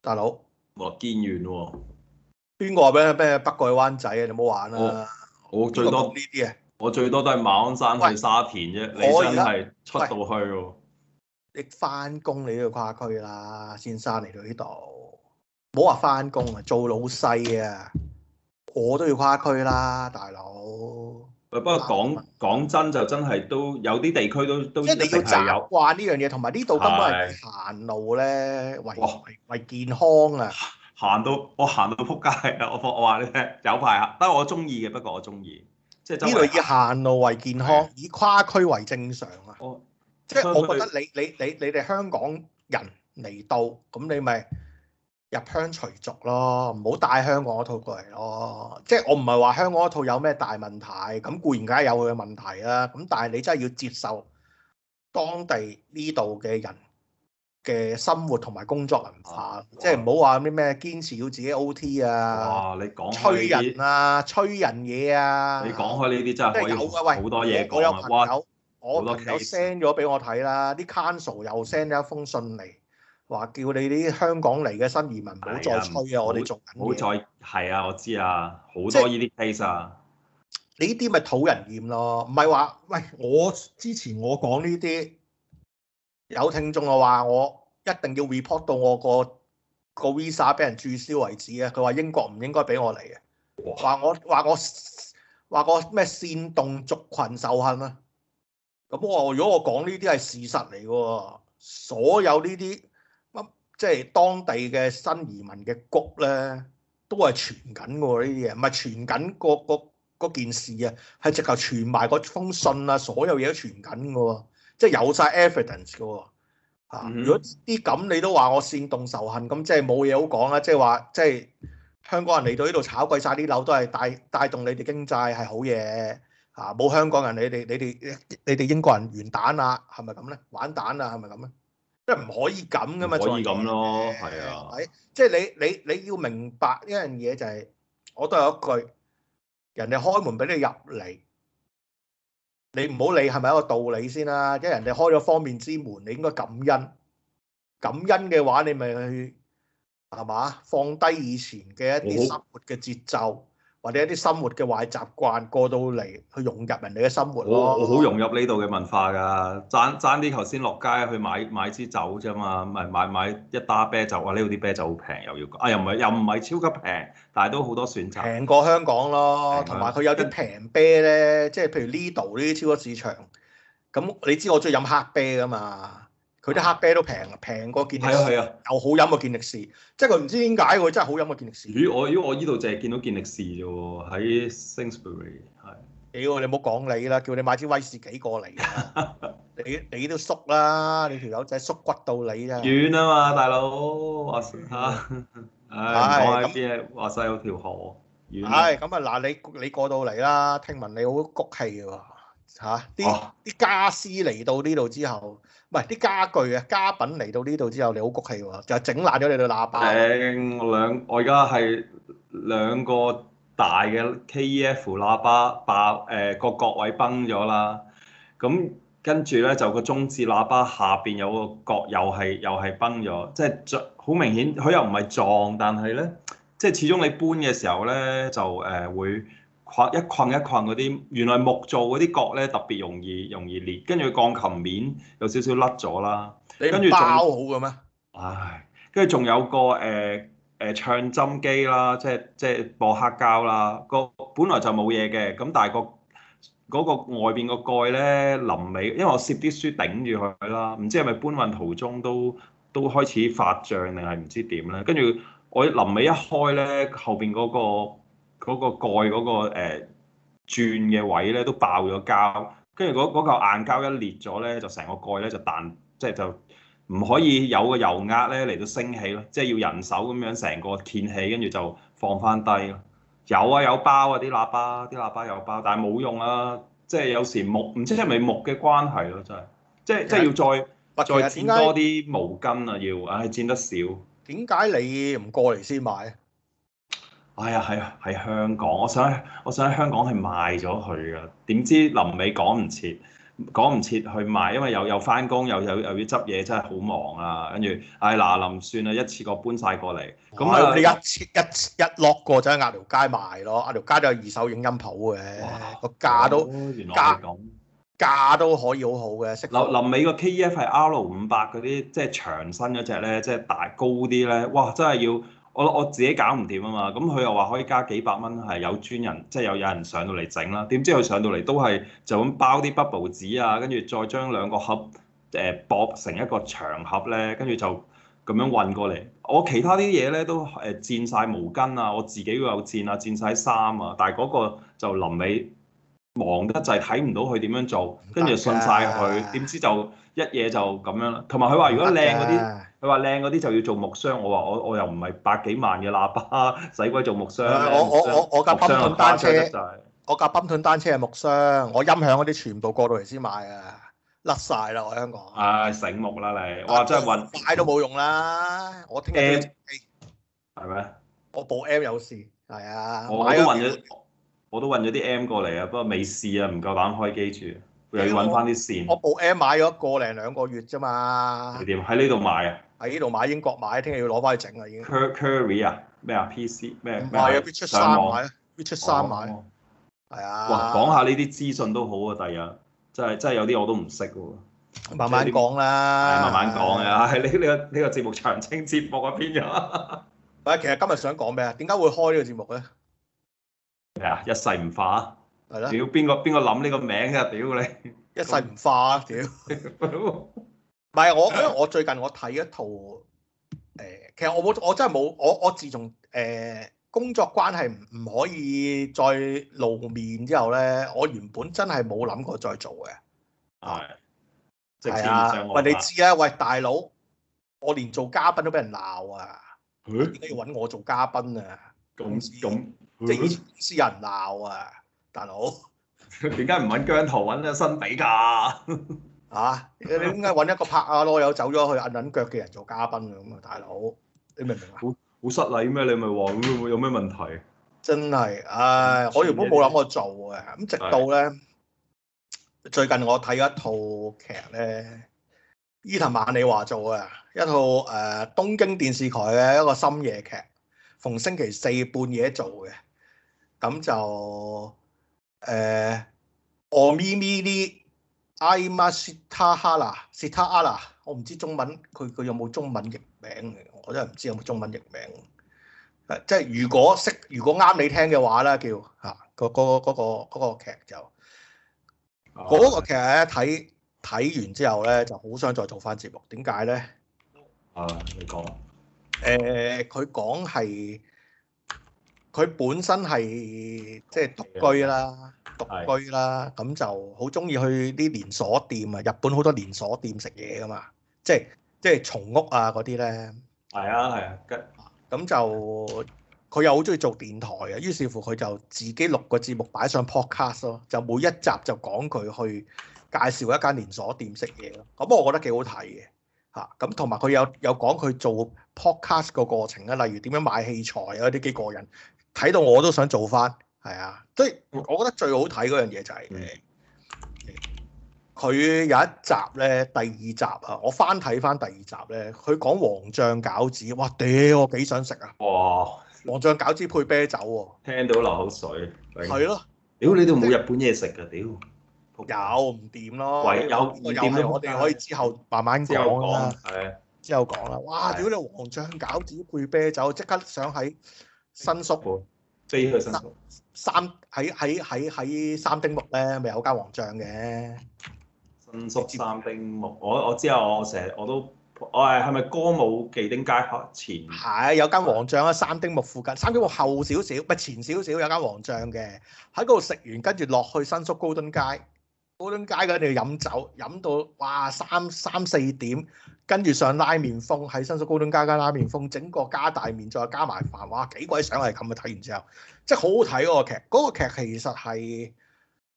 大佬。我見遠喎。邊個話咩咩北角灣仔啊？你冇玩啦。我、哦、我最多呢啲啊。我最多都係馬鞍山去沙田啫喂，你真係出到去喎！你翻工你都要跨區啦，先生嚟到呢度，唔好話翻工啊，做老細啊，我都要跨區啦，大佬。不過講講真就真係都有啲地區都都，即係、就是、你要習慣呢樣嘢，同埋呢度根本係行路咧，的為哇為健康啊！行到我行到仆街啦！我我話你聽，有排啊，但我中意嘅，不過我中意。我呢度以行路為健康，的以跨區為正常啊！哦、即係我覺得你們你你你哋香港人嚟到，咁你咪入鄉隨俗咯，唔好帶香港嗰套過嚟咯。即係我唔係話香港嗰套有咩大問題，咁固然梗係有佢嘅問題啦。咁但係你真係要接受當地呢度嘅人。嘅生活同埋工作文化，啊、即係唔好話啲咩堅持要自己 O.T. 啊，哇你講催人啊，催人嘢啊。你講開呢啲真係可以好多嘢講啊！我有朋友，我朋友 send 咗俾我睇啦，啲 council 又 send 咗一封信嚟，話叫你啲香港嚟嘅新移民唔好再催啊！的我哋做緊嘢。好在係啊，我知啊，好多呢啲 case 啊。你呢啲咪討人厭咯？唔係話喂，我之前我講呢啲。有聽眾啊話我一定要 report 到我個個 visa 俾人注銷為止嘅、啊，佢話英國唔應該俾我嚟啊，話我話我話個咩煽動族群仇恨啊，咁我如果我講呢啲係事實嚟嘅，所有呢啲乜即係當地嘅新移民嘅谷咧，都係傳緊嘅，呢啲嘢，唔係傳緊個個件事啊，係直頭傳埋個封信啊，所有嘢都傳緊嘅。即係有晒 evidence 嘅喎、哦，啊！嗯、哼如果啲咁你都話我煽動仇恨，咁即係冇嘢好講啦。即係話即係香港人嚟到呢度炒貴晒啲樓，都係帶帶動你哋經濟係好嘢，啊！冇香港人，你哋你哋你哋英國人完蛋啦，係咪咁咧？玩蛋啦，係咪咁咧？即係唔可以咁噶嘛，可以咁咯，係啊的，係即係你你你，你要明白一樣嘢就係、是，我都有一句，人哋開門俾你入嚟。你唔好理係咪一個道理先啦、啊，因為人哋開咗方便之門，你應該感恩。感恩嘅話，你咪去係嘛？放低以前嘅一啲生活嘅節奏。或者一啲生活嘅壞習慣過到嚟，去融入人哋嘅生活咯。好、啊、我好融入呢度嘅文化㗎，爭爭啲頭先落街去買買支酒啫嘛，咪買買一打啤酒，啤酒啊！呢度啲啤酒好平又要，啊又唔係又唔係超級平，但係都好多選擇。平過香港咯，同埋佢有啲平啤咧，即係譬如呢度呢啲超級市場。咁你知我鍾意飲黑啤㗎嘛？佢啲黑啤都平啊，平過健力士。係啊係啊，又好飲過健力士，即係佢唔知點解佢真係好飲過健力士。如果我如果我依度淨係見到健力士啫喎，喺 Sainsbury 係。屌你唔好講你啦，叫你買支威士忌過嚟，你你都縮啦，你條友仔縮骨到你啫。遠啊嘛，大佬，嚇，唉，唔講喺邊啊，話曬有條河，遠。係咁啊，嗱你你過到嚟啦，聽聞你好谷氣喎，嚇？啲啲傢俬嚟到呢度之後。唔係啲家具、嘅家品嚟到呢度之後，你好焗氣喎，就係整爛咗你對喇叭。誒、嗯，兩我而家係兩個大嘅 KEF 喇叭，把誒個角位崩咗啦。咁跟住咧就個中置喇叭下邊有個角又係又係崩咗，即係撞好明顯。佢又唔係撞，但係咧即係始終你搬嘅時候咧就誒會。一羣一羣嗰啲，原來木做嗰啲角咧特別容易容易裂，跟住鋼琴面有少少甩咗啦。你包好嘅咩？唉、哎，跟住仲有個誒誒、呃呃、唱針機啦，即係即係播黑膠啦。個本來就冇嘢嘅，咁但係、嗰個嗰、嗰個、外邊個蓋咧臨尾，因為我攝啲書頂住佢啦，唔知係咪搬運途中都都開始發脹定係唔知點咧？跟住我臨尾一開咧，後邊嗰、嗰個。嗰個蓋嗰、那個、呃、轉嘅位咧都爆咗膠，跟住嗰嚿硬膠一裂咗咧，就成個蓋咧就彈，即係就唔、是、可以有個油壓咧嚟到升起咯，即、就、係、是、要人手咁樣成個掀起，跟住就放翻低咯。有啊，有包啊，啲喇叭，啲喇叭有包，但係冇用啊，即、就、係、是、有時木唔知係咪木嘅關係咯、啊，真係，即係即係要再再剪多啲毛巾啊，要唉剪得少。點解你唔過嚟先買啊？哎呀，啊，喺香港，我想我想喺香港係賣咗佢噶，點知臨尾講唔切，講唔切去賣，因為又又返工，又又又要執嘢，真係好忙啊！跟住，哎嗱，臨算啦，一次過搬晒過嚟。咁啊哇，哎、呀你一次一次一次一落過就喺鴨寮街賣咯，鴨寮街都有二手影音鋪嘅，哇個價都、哦、原來咁價，價都可以好好嘅。劉林美個 KEF 係 R 五百嗰啲，即係、就是、長身嗰隻咧，即、就、係、是、大高啲咧，哇！真係要～我我自己搞唔掂啊嘛，咁佢又話可以加幾百蚊，係有專人，即係有有人上到嚟整啦。點知佢上到嚟都係就咁包啲 bubble 紙啊，跟住再將兩個盒誒駁成一個長盒咧，跟住就咁樣運過嚟。我其他啲嘢咧都誒摺曬毛巾啊，我自己都有摺啊，摺晒衫啊，但係嗰個就臨尾。忙得滯，睇唔到佢點樣做，跟住信晒佢，點知就一嘢就咁樣啦。同埋佢話如果靚嗰啲，佢話靚嗰啲就要做木箱。我話我我又唔係百幾萬嘅喇叭，使鬼做木箱？我我我我架奔騰單車，我架奔騰單車係木箱。我音響嗰啲全部過到嚟先買啊，甩晒啦！我喺香港。係醒目啦你，哇！真係運擺都冇用啦。我聽日，係咩？我部 M 有事，係啊。我都問咗。我都運咗啲 M 過嚟啊，不過未試啊，唔夠膽開機住，又要揾翻啲線。我，我部 M 買咗個零兩個月啫嘛。你點喺呢度買啊？喺呢度買，英國買，聽日要攞翻去整啊已經。Curry 啊？咩啊？PC 咩？唔係啊，必出三買啊，必出三買啊，係啊。講下呢啲資訊都好啊，第日真係真係有啲我都唔識喎。慢慢講啦。慢慢講啊，係呢，呢個呢個節目長青節目啊，邊有？誒，其實今日想講咩啊？點解會開呢個節目咧？啊！一世唔化係啦！屌邊個邊個諗呢個名嘅？屌你！一世唔化，屌的！唔係 我，我最近我睇一套誒、呃，其實我我真係冇我我自從誒、呃、工作關係唔可以再露面之後咧，我原本真係冇諗過再做嘅。係、呃、係啊！即喂，你知啊？喂，大佬，我連做嘉賓都俾人鬧啊！點解唉要揾我做嘉賓啊？咁咁、嗯。嗯嗯整私人鬧啊，大佬。點解唔揾姜濤揾阿幸比㗎？嚇！你點解揾一個拍阿羅有走咗去揞揞腳嘅人做嘉賓啊？咁啊，大佬，你明唔明啊？好好失禮咩？你咪話咁樣，有咩問題？真係，唉、哎！啊、我原本冇諗過做嘅，咁直到咧的最近我睇咗一套劇咧，伊藤萬理華做嘅一套誒、呃、東京電視台嘅一個深夜劇，逢星期四半夜做嘅。咁就誒咪咪 i mi ni s i t a hala s i t a 阿拉，我唔知中文佢佢有冇中文譯名，我真係唔知有冇中文譯名。誒、啊，即係如果識，如果啱你聽嘅話咧，叫嚇嗰嗰嗰個嗰、嗰個劇、嗰個嗰個、就嗰、啊、個劇咧，睇睇完之後咧就好想再做翻節目，點解咧？啊，你講誒，佢講係。佢本身係即係獨居啦，獨居啦，咁就好中意去啲連鎖店啊。日本好多連鎖店食嘢噶嘛，即係即係松屋啊嗰啲咧。係啊，係啊，咁咁就佢又好中意做電台啊。於是乎佢就自己錄個節目擺上 podcast 咯，就每一集就講佢去介紹一間連鎖店食嘢咯。咁我覺得幾好睇嘅嚇。咁同埋佢有有講佢做 podcast 個過程啊，例如點樣買器材啊，啲幾過癮。睇到我都想做翻，係啊！即係我覺得最好睇嗰樣嘢就係、是、佢、嗯嗯、有一集咧，第二集啊，我翻睇翻第二集咧，佢講黃醬餃子，哇屌、呃！我幾想食啊！哇，黃醬餃子配啤酒喎、啊，聽到流口水。係、啊啊、咯，屌你都冇日本嘢食㗎，屌有唔掂咯？喂有，我哋可以之後慢慢講啊。係，之後講啦！哇、啊，屌你、啊啊、黃醬餃子配啤酒，即刻想喺～新宿，飛去新宿。啊、三喺喺喺喺三丁目咧，咪有間黃醬嘅。新宿三丁目，我我知啊，我成日我都，我係係咪歌舞伎丁街前？係、啊、有間黃醬喺三丁目附近，三丁目後少少，咪前少少有間黃醬嘅，喺嗰度食完，跟住落去新宿高登街。高登街嗰度飲酒，飲到哇三三四點，跟住上拉麵風喺新宿高登街間拉麵風，整個加大麵再加埋飯，哇幾鬼想係咁啊！睇完之後，即係好好睇嗰個劇。嗰個劇其實係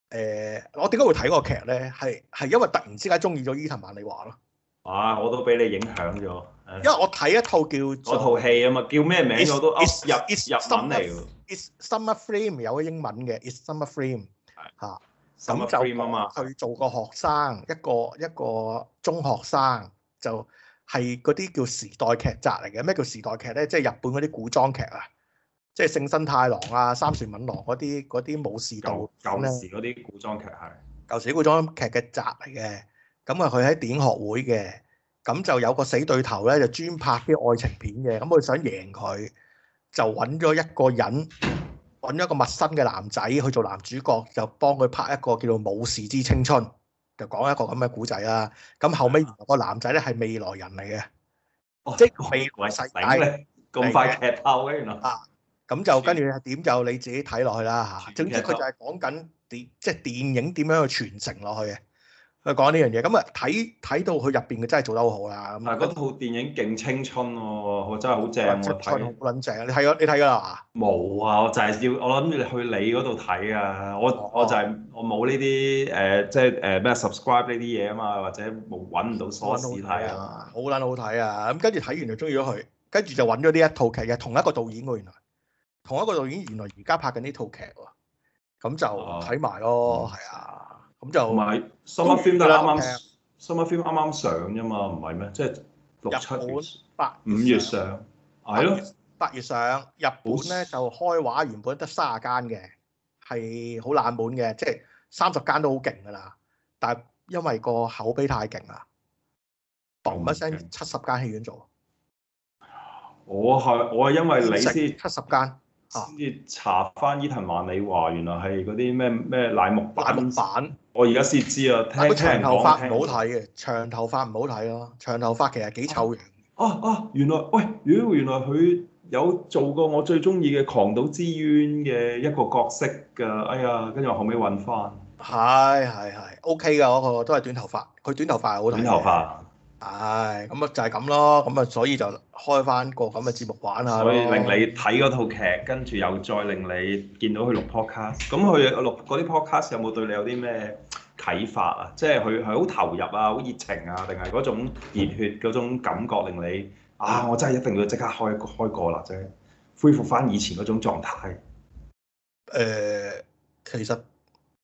誒，我點解會睇嗰個劇咧？係係因為突然之間中意咗伊藤萬理華咯。啊，我都俾你影響咗。因為我睇一套叫我套戲啊嘛，叫咩名我都入 s 入文嚟嘅。It's Summer Frame 有英文嘅，It's Summer Frame 係啊。咁就佢做個學生，一個一個中學生就係嗰啲叫時代劇集嚟嘅。咩叫時代劇咧？即係日本嗰啲古裝劇啊，即係勝新太郎啊、三船敏郎嗰啲嗰啲武士道舊。舊時嗰啲古裝劇係舊時古裝劇嘅集嚟嘅。咁啊，佢喺電影學會嘅，咁就有個死對頭咧，就專拍啲愛情片嘅。咁佢想贏佢，就揾咗一個人。揾咗個陌生嘅男仔去做男主角，就幫佢拍一個叫做《武士之青春》，就講一個咁嘅古仔啦。咁後尾原來個男仔咧係未來人嚟嘅。哦，即係未來世界咧，咁快劇透嘅原來。啊，咁就跟住點就你自己睇落去啦嚇。總之佢就係講緊點，即係電影點樣去傳承落去嘅。佢講呢樣嘢，咁啊睇睇到佢入邊嘅真係做得好好啦。嗱，嗰套電影勁青春喎，我真係好正喎，睇好撚正啊！你睇咗？你睇㗎啦？冇、嗯、啊，我就係要我諗住去你嗰度睇啊。我、哦哦、我就係、是、我冇呢啲誒，即係誒咩 subscribe 呢啲嘢啊嘛，或者冇揾唔到鎖匙睇啊。好撚好睇啊！咁跟住睇完就中意咗佢，跟住就揾咗呢一套劇嘅，同一個導演喎原來，同一個導演原來而家拍緊呢套劇喎，咁就睇埋咯，係啊。啊嗯嗯咁就唔 summer film 都啱啱 summer film 啱啱上啫嘛，唔係咩？即係六七月八月上，五月上，係咯月。的八月上日本咧，就開畫，原本得卅間嘅係好冷門嘅，即係三十間都好勁㗎啦。但係因為個口碑太勁啦，嘣一聲，七十間戲院做。嗯、我係我係因為你先七十間。先至查翻伊藤萬里華，原來係嗰啲咩咩乃木坂，板。木我而家先知啊，聽長頭聽人講唔好睇嘅，長頭髮唔好睇咯，長頭髮其實幾醜樣。哦哦、啊啊，原來喂，原來佢有做過我最中意嘅《狂賭之淵》嘅一個角色㗎。哎呀，跟住、OK、我後尾揾翻。係係係，OK 㗎，嗰個都係短頭髮，佢短頭髮好睇。短頭髮。唉，咁啊、哎、就係咁咯，咁啊所以就開翻個咁嘅節目玩下。所以令你睇嗰套劇，跟住又再令你見到佢錄 podcast。咁佢錄嗰啲 podcast 有冇對你有啲咩啟發啊？即係佢係好投入啊，好熱情啊，定係嗰種熱血嗰種感覺，令你啊，我真係一定要即刻開個開個啦啫，恢復翻以前嗰種狀態。誒、呃，其實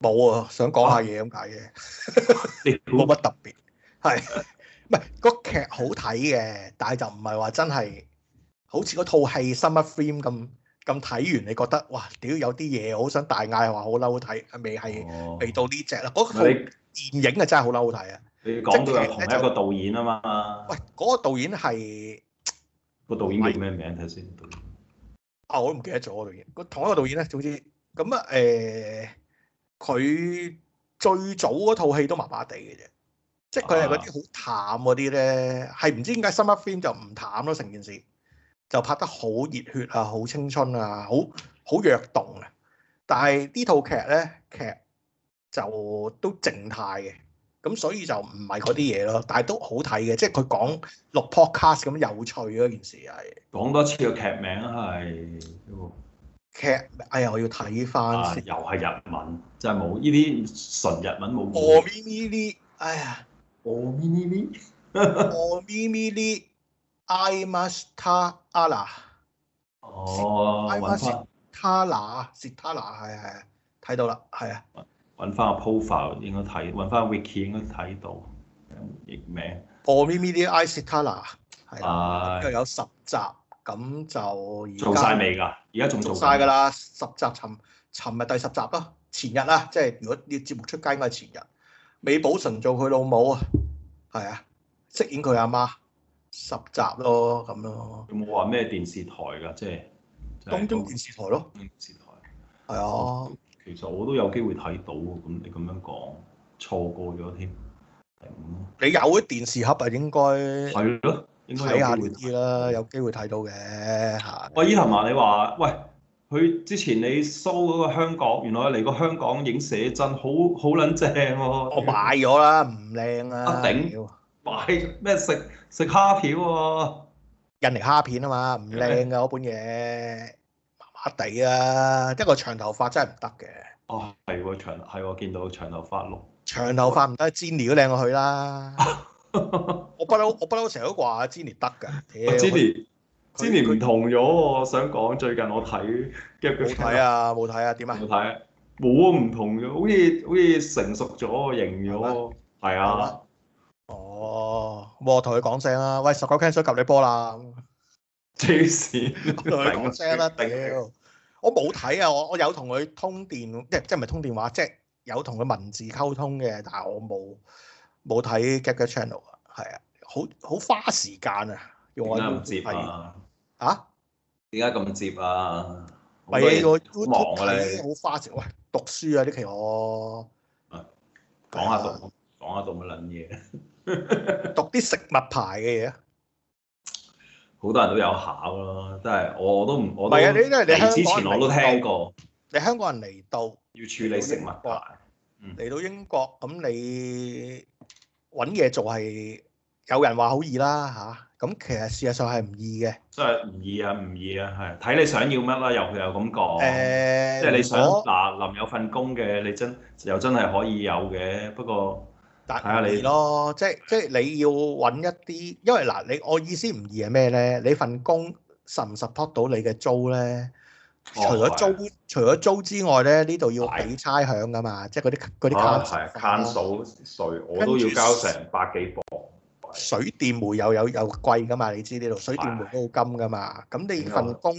冇啊，想講下嘢咁解嘅，冇乜特別，係。唔係個劇好睇嘅，但係就唔係話真係好似嗰套戲《Summer Film》咁咁睇完，你覺得哇屌有啲嘢好想大嗌，話好嬲，好睇，未係未到呢隻啦。嗰套電影啊，真係好嬲，好睇啊！你講到係同一個導演啊嘛？喂劇，嗰、嗰個導演係個導演叫咩名睇先？導演是。啊，我都唔記得咗個導演。個同一個導演咧，總之咁啊誒，佢、欸、最早嗰套戲都麻麻地嘅啫。即係佢係嗰啲好淡嗰啲咧，係唔知點解《Summer Film》就唔淡咯，成件事就拍得好熱血啊，好青春啊，好好躍動啊。但係呢套劇咧劇就都靜態嘅，咁所以就唔係嗰啲嘢咯。但係都好睇嘅，即係佢講六 podcast 咁有趣嗰件事係。講多次、這個劇名係劇，哎呀，我要睇翻先、啊、又係日文，真係冇呢啲純日文冇。我呢啲？哎呀！Omiimi，Omiimi，aimastatala，l 哦，文化，statala，statala 係係係，睇到啦，係啊，揾翻個 profile 應該睇，揾翻個 wiki 應該睇到，譯名。Omiimi di Istatala，係啦，又有十集，咁就而家做曬未㗎？而家仲做？做曬㗎啦，十集尋尋日第十集咯，前日啊，即係如果啲節目出街應該係前日，美寶神做佢老母啊。係啊，飾演佢阿媽十集咯，咁咯、啊。有冇話咩電視台㗎？即係東中電視台咯。東方電視台。係啊，其實我都有機會睇到喎。咁你咁樣講，錯過咗添。嗯、你有啲電視盒啊？應該係咯，睇下遠啲啦，有機會睇到嘅、哎啊。喂，依藤華，你話喂？佢之前你 show 嗰個香港，原來嚟過香港影寫真，好好撚正喎。我買咗啦，唔靚啊！啊頂！買咩食？食蝦條喎？印尼蝦片啊嘛，唔靚㗎嗰本嘢，麻麻地啊！一個長頭髮真係唔得嘅。哦、啊，係喎長，係喎見到長頭髮囉。長頭髮唔得，Jennie 都靚過佢啦。我不嬲，我不嬲成日都話 Jennie 得㗎。我 Jennie。之前唔同咗喎，我想講最近我睇 gap 嘅 channel，冇睇啊，冇睇啊，點啊？冇睇，冇啊，唔同咗，好似好似成熟咗型咗，係啊，哦，我同佢講聲啦，喂十九 Ken 想及你波啦，黐線，同佢講聲啦，屌 我冇睇啊，我我有同佢通電，即即係唔係通電話，即係有同佢文字溝通嘅，但係我冇冇睇 gap 嘅 channel 啊，係啊，好好花時間有有啊，用我點解唔接啊，點解咁接啊？唔係我 YouTube 好花俏，喂，讀書啊呢期我，講下讀，講下讀乜撚嘢？讀啲食物牌嘅嘢好多人都有考咯。真係我都唔，我都唔係啊！你都係你之前我都聽過。你香港人嚟到要處理食物牌，嚟到英國咁你揾嘢做係？有人話好易啦，嚇，咁其實事實上係唔易嘅，即係唔易啊唔易啊，係睇你想要乜啦，又有咁講，即係你想嗱，臨有份工嘅，你真又真係可以有嘅，不過睇下你咯，即係即係你要揾一啲，因為嗱你我意思唔易係咩咧？你份工實唔 support 到你嘅租咧？除咗租，除咗租之外咧，呢度要畀差餉㗎嘛，即係嗰啲嗰啲 council tax，我都要交成百幾磅。水電煤又有又貴噶嘛？你知呢度，水電煤都好金噶嘛？咁你份工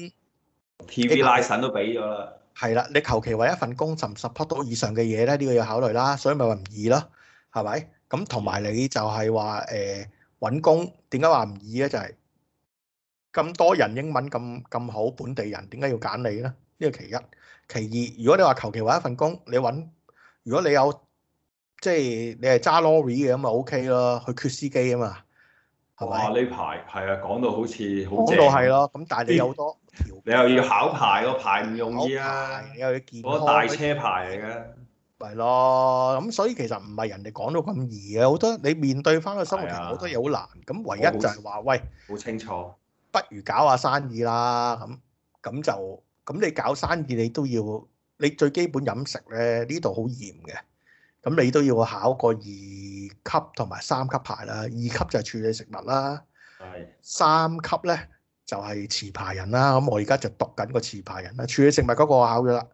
，TV licence 都俾咗啦。係啦，你求其揾一份工，甚至十 part 度以上嘅嘢咧，呢個要考慮啦。所以咪話唔易咯，係咪？咁同埋你就係話誒揾工，點解話唔易咧？就係咁多人英文咁咁好，本地人點解要揀你咧？呢個其一，其二，如果你話求其揾一份工，你揾，如果你有。即係你係揸 lorry 嘅，咁咪 OK 咯，佢缺司機啊嘛，係咪哇？呢排係啊，講到好似好正。講到係咯，咁但係你有好多你又要考牌，啊、個牌唔容易啊，你又要健康，嗰大車牌嚟嘅，係咯、啊。咁所以其實唔係人哋講到咁易嘅、啊，好多你面對翻個生活，好多嘢好難。咁、啊、唯一就係話好喂，好清楚，不如搞下生意啦。咁咁就咁你搞生意你，你都要你最基本飲食咧，呢度好嚴嘅。咁你都要考個二級同埋三級牌啦。二級就係處理食物啦，的三級咧就係、是、持牌人啦。咁我而家就讀緊個持牌人啦。處理食物嗰個我考咗、呃呃、啦，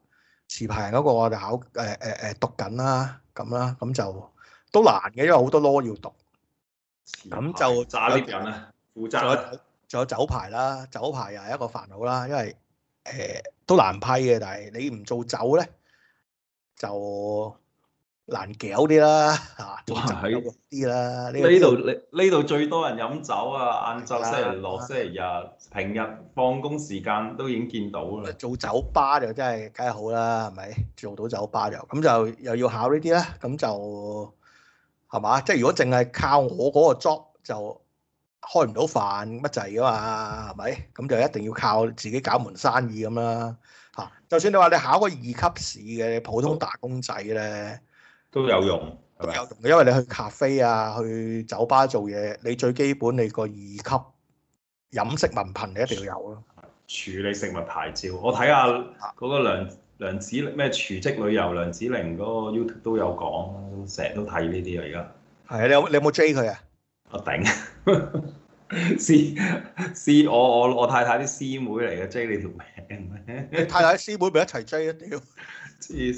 持牌人嗰個我就考誒誒誒讀緊啦，咁啦，咁就都難嘅，因為好多 law 要讀。咁牌就揸呢樣啊，負責、啊。仲有，有酒牌啦，酒牌又係一個煩惱啦，因為誒、呃、都難批嘅，但係你唔做酒咧就。難搞啲啦，吓，都係啲啦。呢度呢度最多人飲酒啊，晏晝、星期六、啊、星期日、平日放工時間都已經見到啦。做酒吧就真係梗係好啦，係咪？做到酒吧就咁就又要考呢啲啦，咁就係嘛？即係如果淨係靠我嗰個 job 就開唔到飯乜滯噶嘛，係咪？咁就一定要靠自己搞門生意咁啦，吓、啊。就算你話你考個二級試嘅普通打工仔咧。都有用，都有用。因為你去咖啡啊，去酒吧做嘢，你最基本你個二級飲食文憑你一定要有咯。處理食物牌照，我睇下嗰個梁梁子咩廚職旅遊梁子玲嗰個 YouTube 都有講，成日都睇呢啲啊。而家係啊，你有你有冇追佢啊頂？ 我頂師師，我我我太太啲師妹嚟嘅，追你條命，你太太師妹咪一齊追啊屌！黐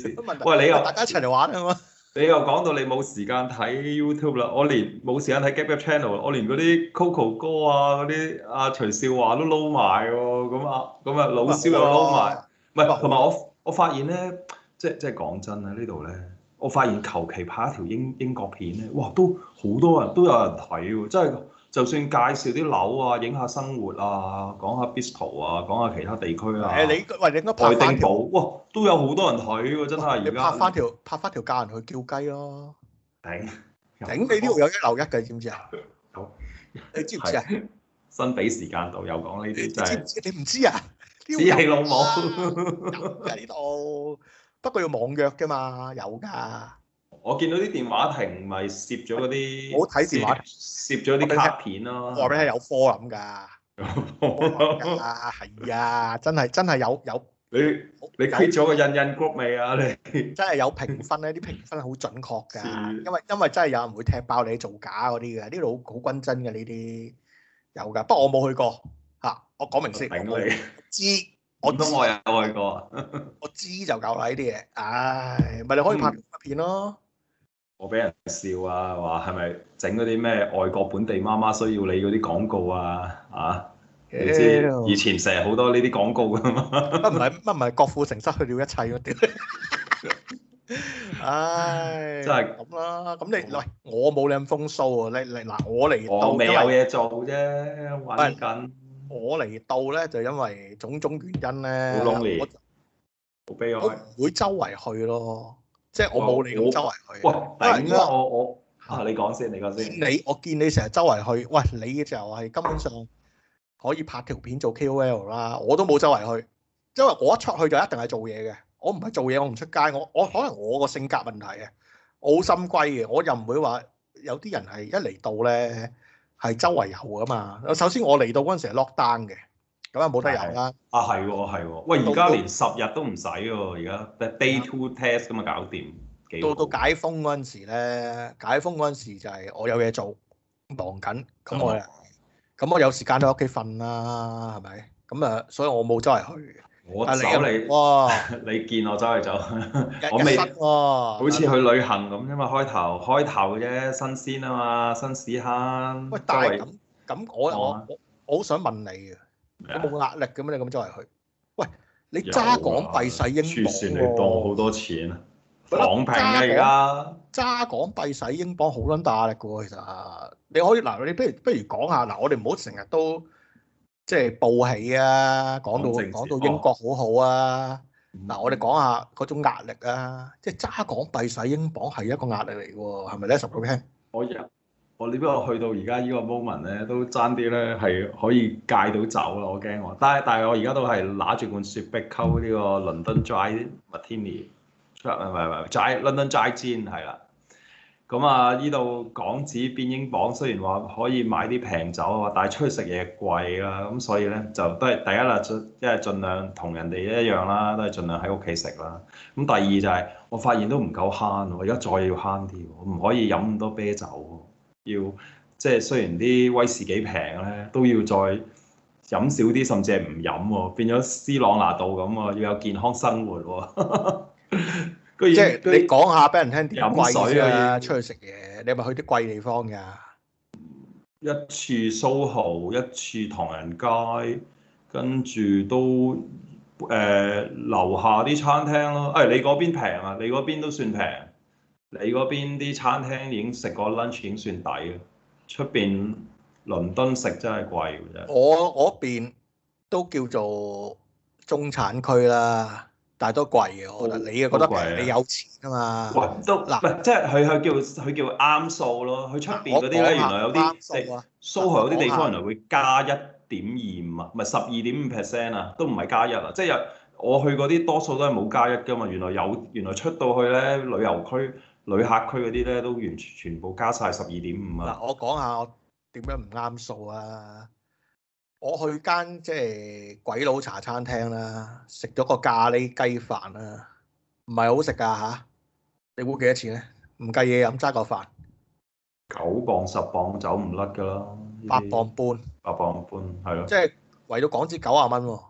線。了喂，你又大家一齊嚟玩啊嘛？ 你又講到你冇時間睇 YouTube 啦，我連冇時間睇 g a p Channel，我連嗰啲 Coco 歌啊，嗰啲阿徐少華都撈埋喎，咁啊，咁啊，老少都撈埋。唔係，同埋我我發現咧，即係即係講真啊，呢度咧，我發現求其拍一條英英國片咧，哇，都好多人都有人睇喎，真係。就算介紹啲樓啊，影下生活啊，講下 Bistro 啊，講下其他地區啊。誒，你喂，應該拍翻條愛丁堡喎，都有好多人去喎，真係而家。拍翻條拍翻條教人去叫雞咯，頂有有頂你呢度有一樓一嘅，知唔知啊？有有你知唔知啊？ 幸比時間度，又講呢啲，真係你唔知，知，你知啊？只係老網喺度，不過要網約㗎嘛，有㗎。我見到啲電話亭咪攝咗嗰啲，我睇電話攝咗啲卡片咯。話咩有科咁㗎？有科啊！係啊！真係真係有有。你你睇咗個印印谷未啊？你真係有評分咧，啲評分好準確㗎。因為因為真係有人會踢爆你做假嗰啲㗎，呢度好均真㗎呢啲有㗎。不過我冇去過嚇，我講明先。知我知，我都我有去過。我知就夠喇呢啲嘢，唉！咪你可以拍片咯。我俾人笑啊，話係咪整嗰啲咩外國本地媽媽需要你嗰啲廣告啊？啊，你知以前成日好多呢啲廣告噶嘛？乜唔係乜唔係郭富城失去了一切啊！屌，唉，真係咁啦。咁你喂我冇你咁風騷啊！你你嗱我嚟，我未有嘢做啫，搵緊我嚟到咧，就因為種種原因咧，好 lonely 好悲哀，我唔會周圍去咯。即係我冇你咁周圍去喂，喂，點解我我，我啊？你講先，你講先。你，我見你成日周圍去，喂，你就係根本上可以拍條片做 KOL 啦。我都冇周圍去，因為我一出去就一定係做嘢嘅。我唔係做嘢，我唔出街。我我可能我個性格問題嘅，我好心機嘅，我又唔會話有啲人係一嚟到咧係周圍遊㗎嘛。首先我嚟到嗰陣時係 lock down 嘅。咁啊，冇得遊啦！啊，係喎，係喎，喂，而家連十日都唔使喎，而家 day two test 咁啊，搞掂。到到解封嗰陣時咧，解封嗰陣時就係我有嘢做，忙緊，咁我咁我有時間喺屋企瞓啦，係咪？咁啊，所以我冇周圍去。我走你，你，哇你見我周圍走，走日我未、啊、好似去旅行咁，因為開頭開頭啫，新鮮啊嘛，新屎坑。喂，但係咁咁，我我我好想問你啊！冇壓力嘅咩？你咁作為去，喂，你揸港幣使英鎊，串嚟當好多錢啊！港幣而家揸港幣使英鎊好撚大壓力嘅喎，其實啊你可以嗱，你不如不如講下嗱，我哋唔好成日都即係報喜啊，講到講到英國好好啊，嗱，我哋講下嗰種壓力啊，即係揸港幣使英鎊係一個壓力嚟嘅喎，係咪咧？十個 percent？可以啊。我呢邊我去到而家呢個 moment 咧，都爭啲咧係可以戒到酒啦。我驚我，但係但係我而家都係揦住罐雪碧溝呢個 London Dry Martini，唔係唔係，Dry London Dry Gin 係啦。咁啊，呢度港紙變英鎊，雖然話可以買啲平酒啊，但係出去食嘢貴啦。咁所以咧就都係第一啦，即係儘量同人哋一樣啦，都係儘量喺屋企食啦。咁第二就係，我發現都唔夠慳，我而家再要慳啲，我唔可以飲咁多啤酒。要即係雖然啲威士忌平咧，都要再飲少啲，甚至係唔飲喎，變咗斯朗拿度咁啊，要有健康生活。 也即係你講下俾人聽，飲水啊，出去食嘢，你係咪去啲貴地方噶？一次蘇豪，一次唐人街，跟住都誒樓、呃、下啲餐廳咯。誒、哎，你嗰邊平啊？你嗰邊都算平。.你嗰邊啲餐廳已經食過 lunch 已經算抵嘅，出邊倫敦食真係貴嘅啫。我嗰邊都叫做中產區啦，但都貴嘅。哦、我覺得你又覺得平？你有錢啊嘛。喂都，啊、都嗱，即係佢佢叫佢叫啱數咯。佢出邊嗰啲咧，原來有啲蘇荷有啲地方，原來會加一點二五，唔係十二點五 percent 啊，都唔係加一啊。即係我去嗰啲多數都係冇加一㗎嘛。原來有，原來出到去咧旅遊區。旅客區嗰啲咧都完全全部加晒十二點五啊！嗱，我講下我點樣唔啱數啊！我去間即係鬼佬茶餐廳啦，啊，食咗個咖喱雞飯啊，唔係好食㗎吓，你估幾多錢咧？唔計嘢飲，齋個飯九磅十磅走唔甩㗎啦，八磅半，八磅半係咯，即係圍咗港紙九啊蚊喎。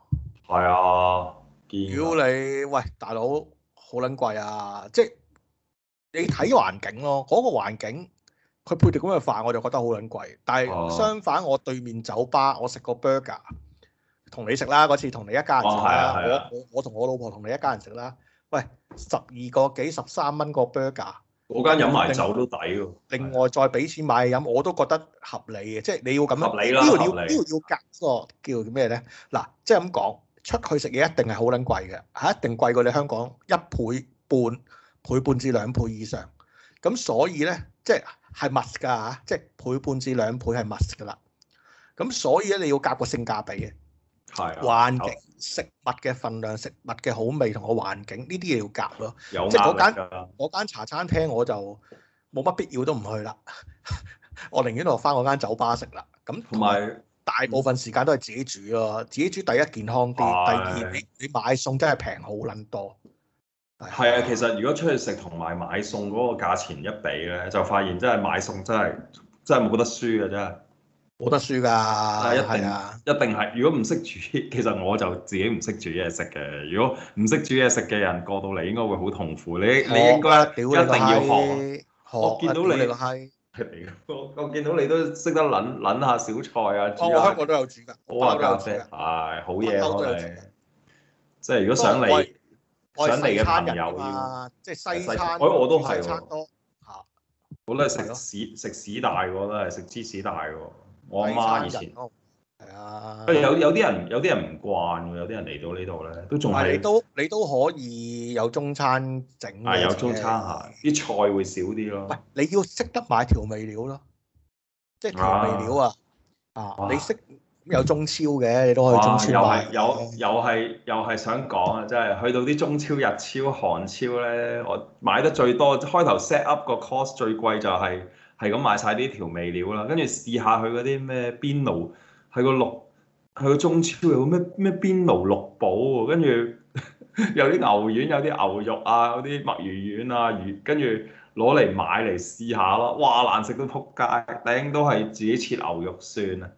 係啊，屌你喂大佬，好撚貴啊！即係。你睇環境咯，嗰、嗰個環境佢配碟咁嘅飯，我就覺得好撚貴。但係相反，我對面酒吧，我食個 burger，同你食啦嗰次，同你一家人食啦、哦啊。我我同我老婆同你一家人食啦。喂，十二個幾十三蚊個 burger，嗰間飲埋酒都抵喎。另外，另外再俾錢買嘢飲，的我都覺得合理嘅。即係你要咁樣，呢度要呢度要隔個叫做咩咧？嗱，即係咁講，出去食嘢一定係好撚貴嘅，係一定貴過你香港一倍半。倍半至兩倍以上，咁所以咧，即係 must 噶嚇，即係倍半至兩倍係 must 噶啦。咁所以咧，你要夾個性價比嘅，環的境有食物嘅份量、食物嘅好味同個環境呢啲嘢要夾咯。有即係嗰間茶餐廳，我就冇乜必要都唔去啦。 我寧願落翻嗰間酒吧食啦。咁同埋大部分時間都係自己煮咯，自己煮第一健康啲，啊、第二你的買餸真係平好撚多。係啊，其實如果出去食同埋買餸嗰個價錢一比咧，就發現真係買餸真係真係冇得輸嘅，真係冇得輸噶，一定一定係。如果唔識煮，其實我就自己唔識煮嘢食嘅。如果唔識煮嘢食嘅人過到嚟，應該會好痛苦。你你應該一定要學。我見到你個閪，我見到你都識得捻捻下小菜啊。煮我不過都有煮噶，我話家姐係好嘢咯，你即係如果想你。想嚟嘅朋友，即係西餐，西餐多吓。我都係食屎食屎大，我都係食芝士大嘅喎。館我阿媽以前係啊。誒有有啲人，有啲人唔慣喎，有啲人嚟到呢度咧、啊、都仲係都你都可以有中餐整，係、啊、有中餐，下啲菜會少啲咯。唔，你要識得買調味料咯，即係調味料啊啊！啊啊你識懂？啊有中超嘅，你都可以中超買、啊、又係又又係又係想講啊！真係去到啲中超、日超、韓超咧，我買得最多。開頭 set up 個 cost 最貴就係係咁買晒啲調味料啦。跟住試下佢嗰啲咩邊爐，去個六，去個中超有咩咩邊爐六寶。跟住 有啲牛丸，有啲牛肉啊，嗰啲墨魚丸啊，魚。跟住攞嚟買嚟試下咯。哇！難食到撲街，頂都係自己切牛肉算啦。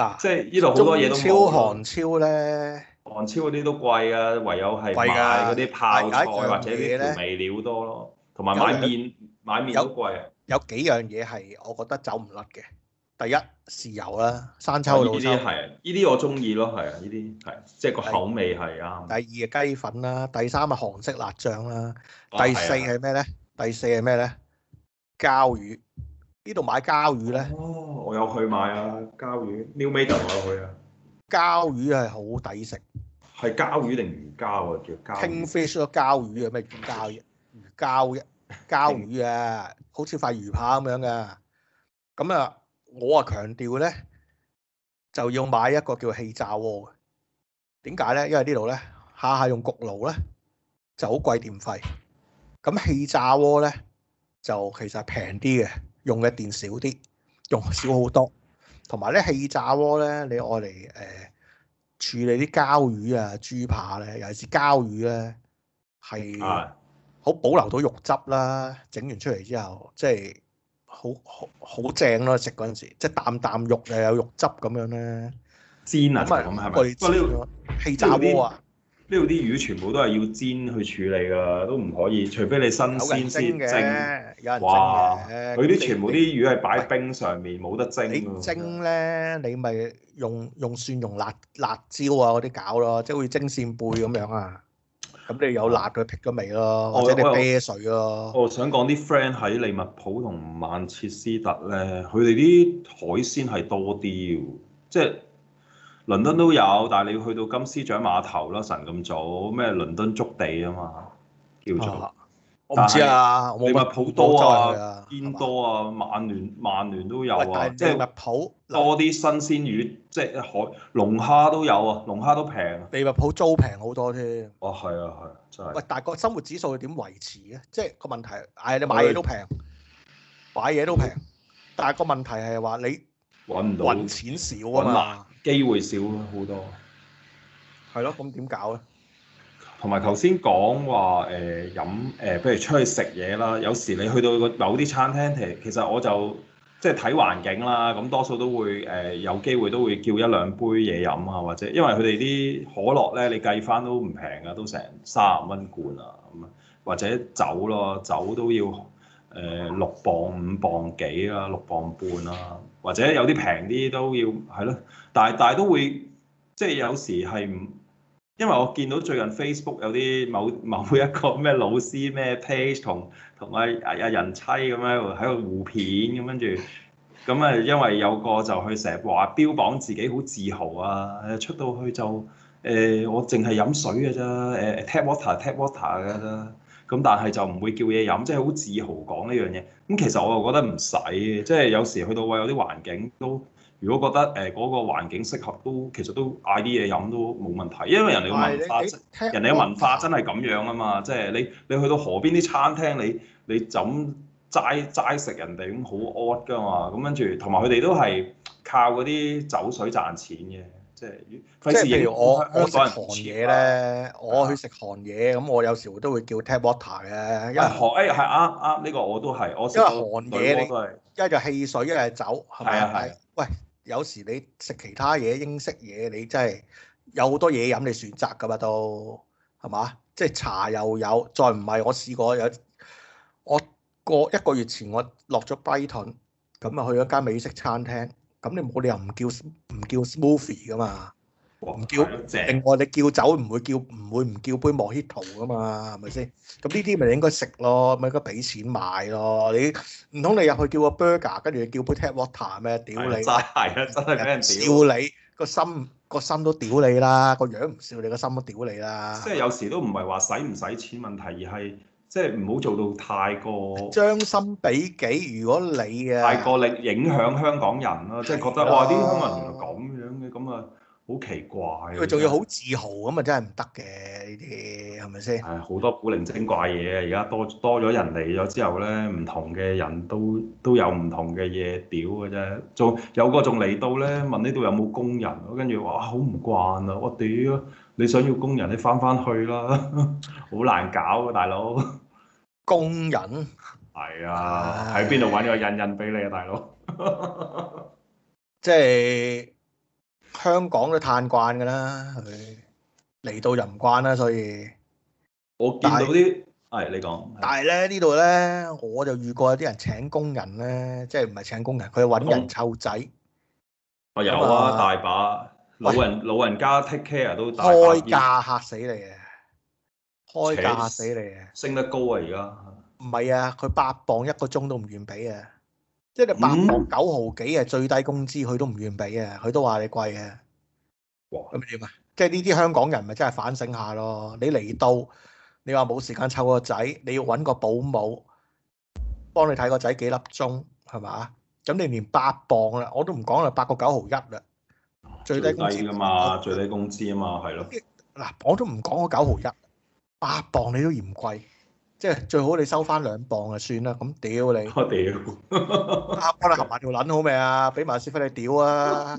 嗱，即係呢度好多嘢都中超、韓超咧，韓超嗰啲都貴啊，唯有係買嗰啲的泡菜或者啲味料多咯，同埋有買麵有買麵都貴，啊有，有幾樣嘢係我覺得走唔甩嘅，第一豉油啦，生抽老抽，依啲係，依啲我中意咯，係啊，依啲係，即係個口味係啱。第二係雞粉啦，啊，第三係韓式辣醬啦，啊，第四係咩咧？第四係咩咧？鮭魚。呢度買膠魚咧？哦，我有去買啊，膠魚。Newater 我有去啊。膠魚係好抵食。係膠魚定魚膠啊？叫膠？Kingfish 咯，膠魚啊，咩魚膠？魚膠啫，膠魚啊，好似塊魚扒咁樣嘅。咁啊，我啊強調咧，就要買一個叫氣炸鍋嘅。點解咧？因為呢度咧下下用焗爐咧就好貴電費。咁氣炸鍋咧就其實係平啲嘅。用嘅電少啲，用少好多。同埋咧，氣炸鍋咧，你愛嚟誒處理啲鮑魚啊、豬扒咧，尤其是鮑魚咧，係好保留到肉汁啦。整完出嚟之後，即係好好好正咯，食嗰陣時，即係啖啖肉又有肉汁咁樣咧，煎啊，都係咁係咪？哦、氣炸鍋啊！呢度啲魚全部都係要煎去處理㗎，都唔可以，除非你新鮮先蒸。哇！佢啲全部啲魚係擺冰上面，冇你得蒸。蒸咧，你咪用用蒜蓉辣辣椒啊嗰啲搞咯，即係好似蒸扇貝咁樣啊。咁 你有辣佢劈咗味咯，哦、或者啲啤水咯、啊。我想講啲 friend 喺利物浦同曼徹斯，斯特咧，佢哋啲海鮮係多啲，即係。倫敦都有，但係你要去到金絲雀碼頭啦。晨咁早咩？倫敦築地啊嘛，叫做我唔知啊。利物浦多啊，堅多啊？曼聯曼聯都有啊，即係利物浦多啲新鮮魚，即係海龍蝦都有啊，龍蝦都平。利物浦租平好多添。哦，係啊，係，真係。喂，但係個生活指數點維持啊？即係個問題，唉，你買嘢都平，買嘢都平，但係個問題係話你揾唔到揾錢少啊嘛。機會少好多，係咯，咁點搞咧？同埋頭先講話誒飲誒，譬如出去食嘢啦，有時你去到某啲餐廳，其實我就即係睇環境啦，咁多數都會誒有機會都會叫一兩杯嘢飲啊，或者因為佢哋啲可樂咧，你計翻都唔平啊，都成卅蚊罐啊咁啊，或者酒咯，酒都要誒六磅五磅幾啦，六磅半啦。或者有啲平啲都要係咯，但係但係都會即係有時係唔，因為我見到最近 Facebook 有啲某某一個咩老師咩 page 同同阿阿人妻咁樣喺度互片咁跟住，咁啊因為有個就去成日話標榜自己好自豪啊，出到去就誒、欸、我淨係飲水㗎咋誒，tap water tap water 㗎咋。咁但係就唔會叫嘢飲，即係好自豪講呢樣嘢。咁其實我就覺得唔使，即係有時去到位有啲環境都，如果覺得誒嗰個環境適合都，其實都嗌啲嘢飲都冇問題，因為人哋嘅文化，人哋嘅文化真係咁樣啊嘛，即係你你去到河邊啲餐廳，你你就咁齋食人哋咁好 odd 噶嘛，咁跟住同埋佢哋都係靠嗰啲酒水賺錢嘅。即係，即係譬如我我食寒嘢咧，我去食寒嘢咁的、嗯，我有時我都會叫 tap water 嘅。因為寒，誒係啱啱呢個我都係，我因為寒嘢你，一係就汽水，一係酒係咪？係啊係。喂，有時你食其他嘢，英式嘢你真係有好多嘢飲你選擇噶嘛都係嘛？即係茶又有，再唔係我試過有，我個一個月前我落咗 Brighton，咁啊去咗間美式餐廳。咁你冇理由唔叫唔叫 smoothie 噶嘛？唔叫另外你叫酒唔會叫唔會唔叫杯 Mojito 噶嘛？係咪先？咁呢啲咪應該食咯，咪應該俾錢買咯。你唔通你入去叫個 burger，跟住你叫杯 tap water 咩？屌你、哎！真係係啊！真係俾人屌你個心個心都屌你啦，個樣唔笑你個心都屌你啦。即係有時都唔係話使唔使錢問題，而係。即係唔好做到太過將心比己。如果你嘅太過力影響香港人啦，的即係覺得哇啲香港人原來咁樣嘅，咁啊好奇怪。佢仲要好自豪咁啊，真係唔得嘅，呢啲係咪先？係好、哎、多古靈精怪嘢，而家多多咗人嚟咗之後咧，唔同嘅人都都有唔同嘅嘢屌嘅啫。仲有個仲嚟到咧，問呢度有冇工人，跟住話好唔慣啊！我屌，你想要工人，你翻翻去啦，好 難搞啊，大佬。工人係啊，喺邊度揾個印印俾你啊，大佬！ 即係香港都嘆慣噶啦，佢嚟到就唔慣啦，所以我見到啲係是、哎、你講。但係咧呢度咧，我就遇過有啲人請工人咧，即係唔係請工人，佢揾人湊仔。我、嗯、以有啊，大把老人老人家 take care 都大把。開價吓死你嘅。開價死你啊！升得高啊！而家唔係啊，佢八磅一個鐘都唔願俾啊！即係你八磅九毫幾啊，最低工資佢都唔願俾啊，佢都話你貴啊！咁點啊？即係呢啲香港人咪真係反省下咯？你嚟到，你話冇時間湊個仔，你要搵個保姆幫你睇個仔幾粒鐘，係咪？咁你連八磅啦，我都唔講啦，八個九毫一啦，最低工資嘛，最低工資啊嘛，係咯。嗱，我都唔講個九毫一。八磅你都嫌貴，即係最好你收翻兩磅就 啊，算啦。咁屌你！我屌！我哥你行埋條捻好未啊？俾埋斯芬你屌啊！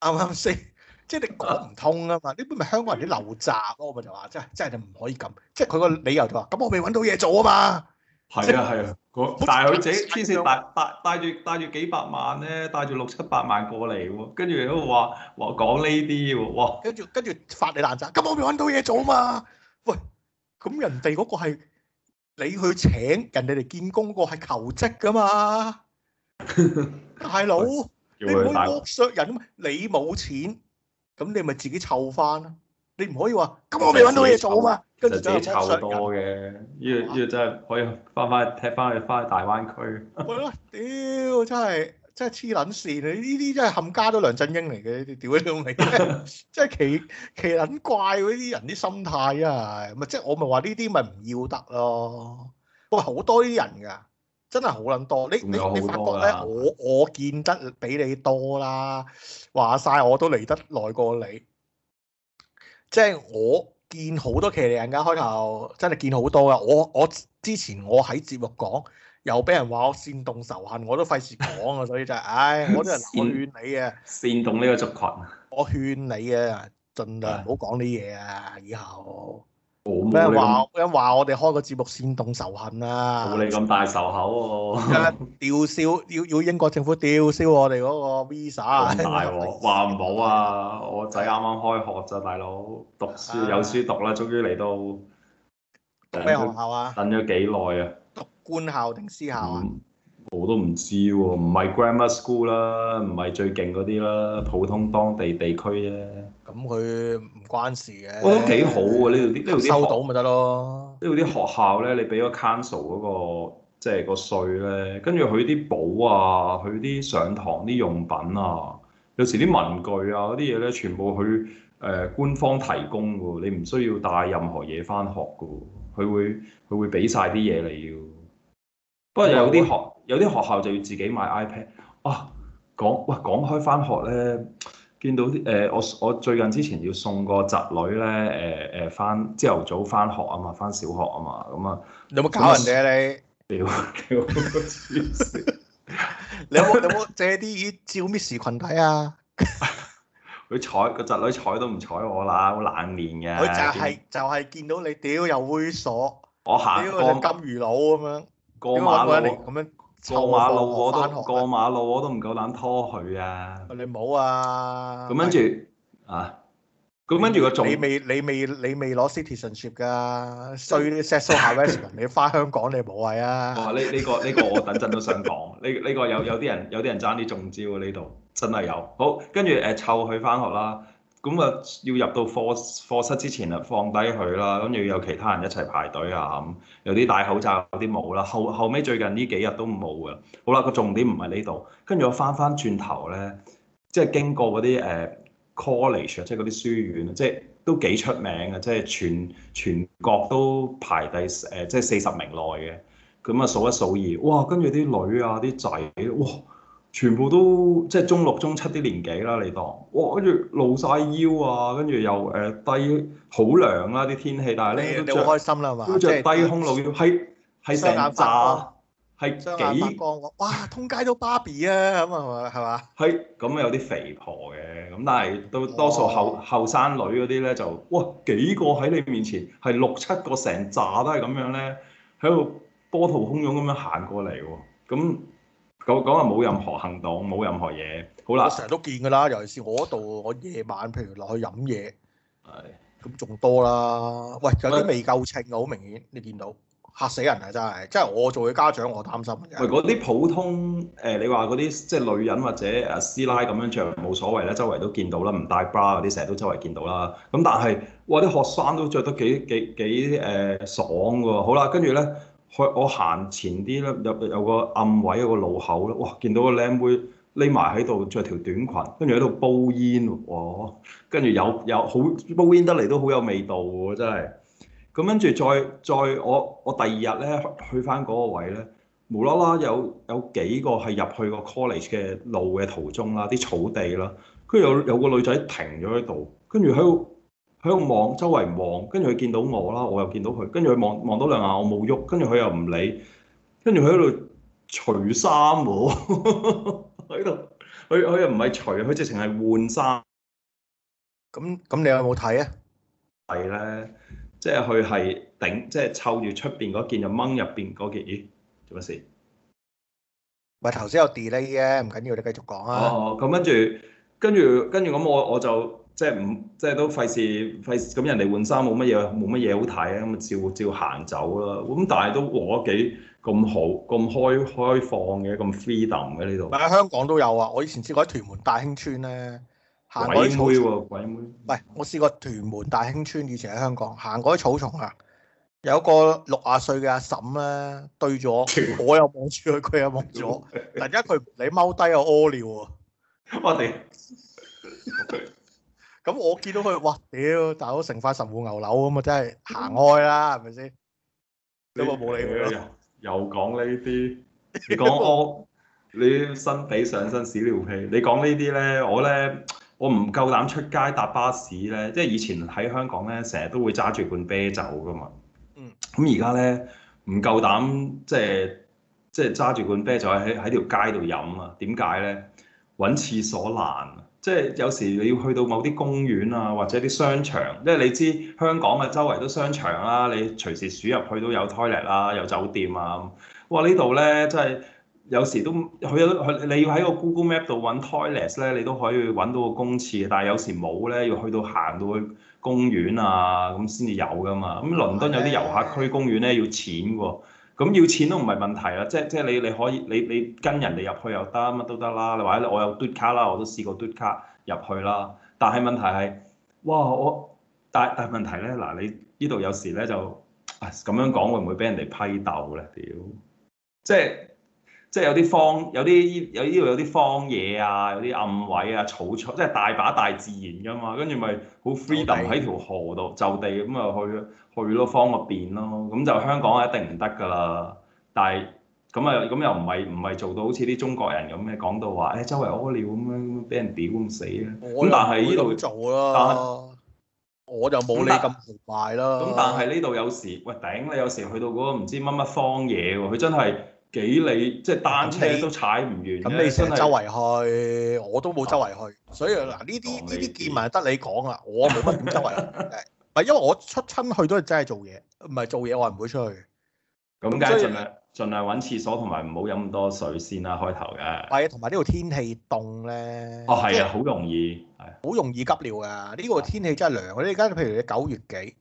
啱啱先？即係你講唔通啊嘛？呢本咪香港人啲流閘咯，咪就話，即係即係你唔可以咁。即係佢個理由就話、是，咁我未揾到嘢做啊嘛。係啊係啊， 但係佢自己黐線，帶帶住帶住幾百萬咧，帶住六七百萬過嚟喎，跟住都話話講呢啲喎，哇！跟住跟住發你爛渣，咁我未揾到嘢做啊嘛？喂！咁人哋嗰個係你去請人哋嚟見工嗰個係求職噶嘛，大佬你唔可以剝削人啊嘛！你冇錢，咁你咪自己湊翻咯。你唔可以話，咁我未揾到嘢做啊嘛。跟住就自己湊多嘅，呢個呢個真係可以翻翻踢翻去翻去大灣區。咪咯，屌真係～真係黐撚線，呢啲真係冚家都梁振英嚟嘅，啲吊起上嚟，真係奇奇撚怪嗰啲人啲心態啊！咪即係我咪話呢啲咪唔要得咯。不過好多啲人㗎，真係好撚多。你你你發覺咧，我我見得比你多啦。話晒我都嚟得耐過你，即係我見好多騎呢人，而家開頭真係見好多㗎。我我之前我喺節目講。又俾人話我煽動仇恨，我都費事講啊！所以就係、是，唉、哎，我啲人，我勸你啊，煽動呢個族群。啊。我勸你啊，盡量唔好講呢嘢啊，以後。咩話？有人話我哋開個節目煽動仇恨啊？冇你咁、啊、大仇口喎、啊。 吊銷要要英國政府吊銷我哋嗰個 visa、啊。大喎？話唔好啊！我仔啱啱開學啫，大佬讀書有書讀啦，終於嚟到。讀咩學校啊？等咗幾耐啊？官校定私校？啊嗯、我都唔知喎、啊，唔係 grammar school 啦，唔係最勁嗰啲啦，普通當地地區啫。咁佢唔關事嘅。我覺得幾好喎、啊，呢度啲收到咪得咯。呢度啲學校咧，你俾個 council 嗰個即係個稅咧，跟住佢啲簿啊，佢啲上堂啲用品啊，有時啲文具啊嗰啲嘢咧，全部佢誒、呃、官方提供嘅，你唔需要帶任何嘢返學嘅，佢會佢會俾曬啲嘢你要。不過有啲學有啲學校就要自己買 iPad 啊，講喂，講開翻學咧，見到啲誒、欸、我我最近之前要送個侄女咧誒誒翻朝頭早翻學啊嘛，翻小學啊嘛，咁啊，有冇搞人哋啊你？屌，你有冇有冇 借啲照 Miss 群體啊？佢睬個侄女睬都唔睬我啦，好冷面嘅。佢就係就係見到你屌我又猥瑣，我行個金魚佬咁樣。過馬路咁樣，過馬路我都過馬路我都唔夠膽拖佢啊！你冇啊！咁跟住着、哎、啊，咁跟住個你，你未你未你未攞 citizenship 噶， 衰石掃 e r 你翻香港你冇謂啊！哦，呢、呢、呢個呢、呢個我等陣都想講，呢呢 個有有啲人有啲人爭啲中招啊呢度真係有，好，跟住誒，湊佢翻學啦。咁啊，要入到課課室之前啊，放低佢啦，跟住要有其他人一齊排隊啊咁，有啲戴口罩，有啲冇啦。後後尾最近呢幾日都冇嘅。好啦，個重點唔係呢度。跟住我翻翻轉頭咧，即係經過嗰啲誒 college 啊，即係嗰啲書院，即係都幾出名嘅，即係全全國都排第誒，即係四十名內嘅。咁啊，數一數二，哇！跟住啲女啊，啲仔，哇！全部都即係中六中七啲年紀啦，你當，哇！跟住露晒腰啊，跟住又誒低好涼啦啲天氣，但係咧都著都着低胸露腰，係係成扎，係幾個哇通街都芭比啊咁啊嘛係嘛？係咁啊，有啲肥婆嘅，咁但係都多數後後生女嗰啲咧就哇幾個喺你面前係六七個成扎都係咁樣咧，喺個波濤洶湧咁樣行過嚟喎，咁。我講話冇任何行動，冇任何嘢。好啦，我成日都見㗎啦，尤其是我度，我夜晚譬如落去飲嘢，咁仲的多啦。喂，有啲未夠稱，好的明顯，你見到嚇死人啊！真係，即係我做嘅家長，我擔心。喂的，嗰啲普通誒，你話嗰啲即係女人或者誒師奶咁樣著，冇所謂咧，周圍都見到啦，唔戴 bra 嗰啲成日都周圍都見到啦。咁但係，哇！啲學生都着得幾幾幾誒爽㗎喎。好啦，跟住咧。去我行前啲咧，有有個暗位一個路口咧，哇！見到個靚妹匿埋喺度，着條短裙，跟住喺度煲煙喎，跟住有有好煲煙得嚟都好有味道喎，真係。咁跟住再再我我第二日咧去翻嗰個位咧，無啦啦有有幾個係入去個 college 嘅路嘅途中啦，啲草地啦，跟住有有個女仔停咗喺度，跟住喺。喺度望周圍望，跟住佢見到我啦，我又見到佢。跟住佢望望到兩眼，我冇喐。跟住佢又唔理。跟住佢喺度除衫喎，喺度。佢佢又唔係除，佢直情係換衫。咁咁，你有冇睇啊？睇咧，即係佢係頂，即係湊住出邊嗰件就掹入邊嗰件。咦，做乜事？咪頭先有 delay 嘅，唔緊要，你繼續講啊。哦，咁跟住，跟住，跟住咁，我我就。即係唔，即係都費事，費事咁人哋換衫冇乜嘢，冇乜嘢好睇啊！咁照照行走啦，咁但係都活得幾咁好，咁開開放嘅，咁 freedom 嘅呢度。但係喺香港都有啊！我以前試過喺屯門大興村咧，行鬼妹喎、啊，鬼妹！喂，我試過屯門大興村以前喺香港行嗰啲草叢啊，有個六啊歲嘅阿嬸咧，對咗，我，我又望住佢，佢又望咗。突然間佢你踎低又屙尿喎！我哋、 啊。 咁我見到佢，哇！屌，大佬成塊神戶牛柳咁啊，真係行開啦，係咪先？咁啊冇理佢，又講呢啲，你講我， 你身比上身屎尿屁。你講呢啲咧，我咧，我唔夠膽出街搭巴士咧。即係以前喺香港咧，成日都會揸住罐啤酒噶嘛。嗯。咁而家咧，唔夠膽即係即係揸住罐啤酒喺喺條街度飲啊？點解咧？揾廁所難。即係有時你要去到某啲公園啊，或者啲商場，即係你知香港啊，周圍都商場啦，啊，你隨時鼠入去都有 toilet 啊，有酒店啊。哇！呢度咧，真係有時都去啊，去你要喺個 Google Map 度揾 toilet 咧，你都可以揾到個公廁，但係有時冇咧，要去到行到去公園啊，咁先至有噶嘛。咁倫敦有啲遊客區公園咧要錢喎。咁要錢都唔係問題啦，即係即係你你可以，你你跟人哋入去又得乜都得啦，或者我有 d 篤卡啦，我都試過篤卡入去啦。但係問題係，哇我但但問題咧嗱，你呢度有時咧就咁樣講會唔會俾人哋批鬥咧？屌，就是，即係。即係有啲荒，有啲有呢度有啲荒野啊，有啲暗位啊，草草，即係大把大自然㗎嘛。跟住咪好 freedom 喺條河度就地咁啊去去咯，荒嗰邊咯。咁就香港一定唔得㗎啦。但係咁啊，咁又唔係唔係做到好似啲中國人咁嘅講到話，誒、哎、周圍屙尿咁樣，俾人屌咁死啦。咁但係呢度做咯，但我就冇你咁豪邁咯。咁但係呢度有時喂頂你，有時去到嗰個唔知乜乜荒野喎，佢真係～幾你，即係單車都踩唔完，咁你先周圍去，我都冇周圍去，所以嗱呢啲呢啲見聞就得你講啊，我冇乜點周圍。唔係，因為我出親去都係真係做嘢，唔係做嘢我係唔會出去。咁梗係盡量盡量搵廁所同埋唔好飲咁多水先啦，開頭嘅。係啊，同埋呢度天氣凍咧。哦，係啊，好容易係。好容易急尿啊！呢個天氣真係涼，呢家譬如九月幾。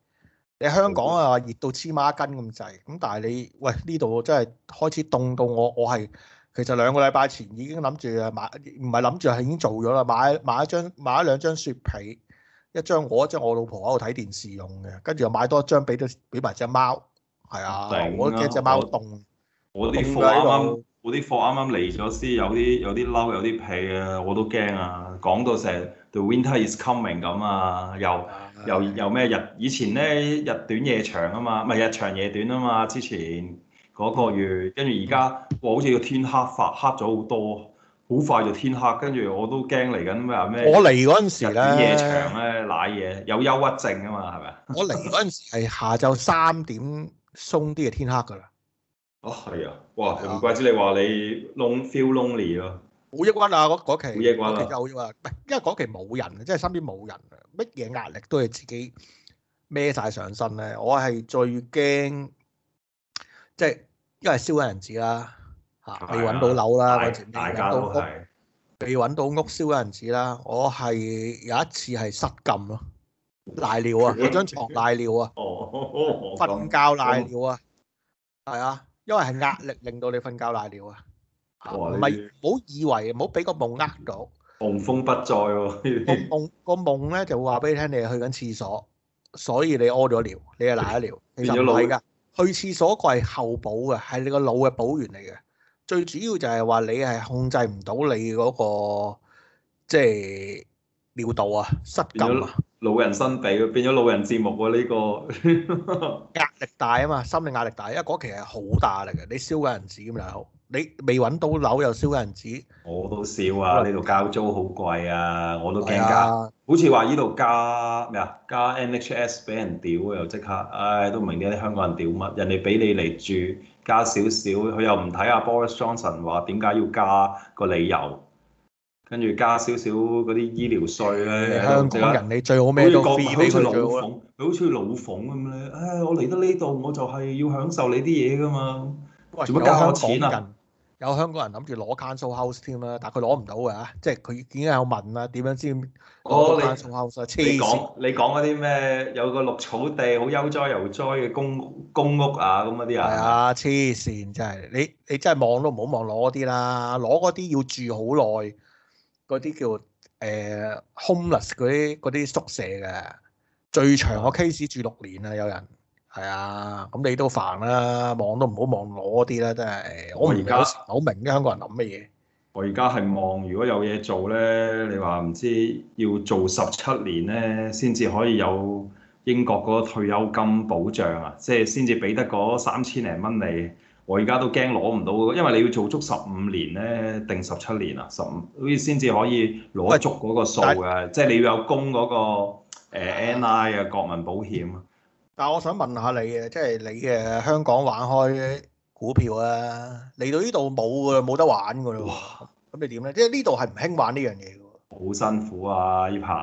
你香港啊，熱到黐孖筋咁滯，咁但係你喂呢度真係開始凍到我，我係其實兩個禮拜前已經諗住啊買，唔係諗住係已經做咗啦，買一張買一張買一兩張雪被，一張我一張我老婆喺度睇電視用嘅，跟住又買多一張俾咗俾埋隻貓，係啊，頂啊，我驚隻貓凍，我啲貨啱啱我啲貨啱啱嚟咗，先有啲有啲褸有啲被啊，我都驚啊，講到成 the winter is coming 咁啊，又。又又咩日？以前咧日短夜長啊嘛，咪日長夜短啊嘛。之前嗰個月，跟住而家，哇！好似個天黑發黑咗好多，好快就天黑。跟住我都驚嚟緊咩啊咩？我嚟嗰陣時咧，夜長咧，賴嘢有憂鬱症啊嘛，係咪？ 我嚟嗰陣時係下晝三點鬆啲嘅天黑㗎啦。哦，係啊！哇，唔怪之你話你 lon feel lonely 咯。好抑鬱啊！嗰嗰期，嗰期又要啊，唔係，因為嗰期冇人，即係身邊冇人，乜嘢壓力都係自己孭曬上身咧。我係最驚，即係因為燒緊銀紙啦，嚇，你揾到樓啦，大家都係，你揾到屋燒緊銀紙啦。我係有一次係失禁咯，瀨尿啊，有張牀瀨尿啊，哦哦哦，瞓覺瀨尿啊，係啊，因為係壓力令到你瞓覺瀨尿啊。唔係，唔好以為，唔好俾個夢呃到。雄風不再喎。夢，個夢咧就會話俾你聽，你係去緊廁所，所以你屙咗尿，你係賴咗尿。唔係噶，去廁所個係後補嘅，係你個腦嘅補元嚟嘅。最主要就係話你係控制唔到你嗰個即係尿道啊，失禁啊。老人身比，變咗老人節目喎呢個。壓力大啊嘛，心理壓力大，因為嗰期係好大力嘅，你燒緊銀紙咁樣就好。你未揾到樓又笑人子，我都笑啊！呢度交租好貴啊，我都驚、哎、㗎。好似話呢度加咩啊？加 NHS 俾人屌又即刻，唉、哎、都唔明啲香港人屌乜？人哋俾你嚟住，加少少，佢又唔睇下 Boris Johnson 話點解要加個理由，跟住加少少嗰啲醫療稅咧。嗯、香港人你最好咩都唔要，好似老馮，佢好似老馮咁咧。唉、哎，我嚟得呢度我就係要享受你啲嘢噶嘛，做乜加我錢啊？有香港人諗住攞 council house 添啦，但係佢攞唔到㗎，即係佢已經有問啊，點樣先攞 council house 啊？黐線！Oh，你講嗰啲咩？有個綠草地好悠哉悠哉嘅公公屋啊，咁嗰啲啊係啊，黐線真係你你真係望都唔好望攞啲啦，攞嗰啲要住好耐，嗰啲叫誒、呃、homeless 嗰啲啲宿舍嘅，最長個 case 住六年啊，有人。係啊，咁你都煩啦，望都唔好望攞啲啦，真係。我而家好明啲香港人諗乜嘢。我而家係望如果有嘢做咧，你話唔知要做十七年咧，先至可以有英國嗰個退休金保障啊，即係先至俾得嗰三千零蚊你。我而家都驚攞唔到，因為你要做足十五年咧定十七年啊，十五好似先至可以攞得足嗰個數㗎，即係的你要有供嗰、那個誒、呃、NI 啊，國民保險。但係我想問下你嘅，即係你嘅香港玩開股票啊，嚟到呢度冇㗎，冇得玩㗎喎。咁哇你點咧？即係呢度係唔興玩呢樣嘢㗎喎。好辛苦啊！呢排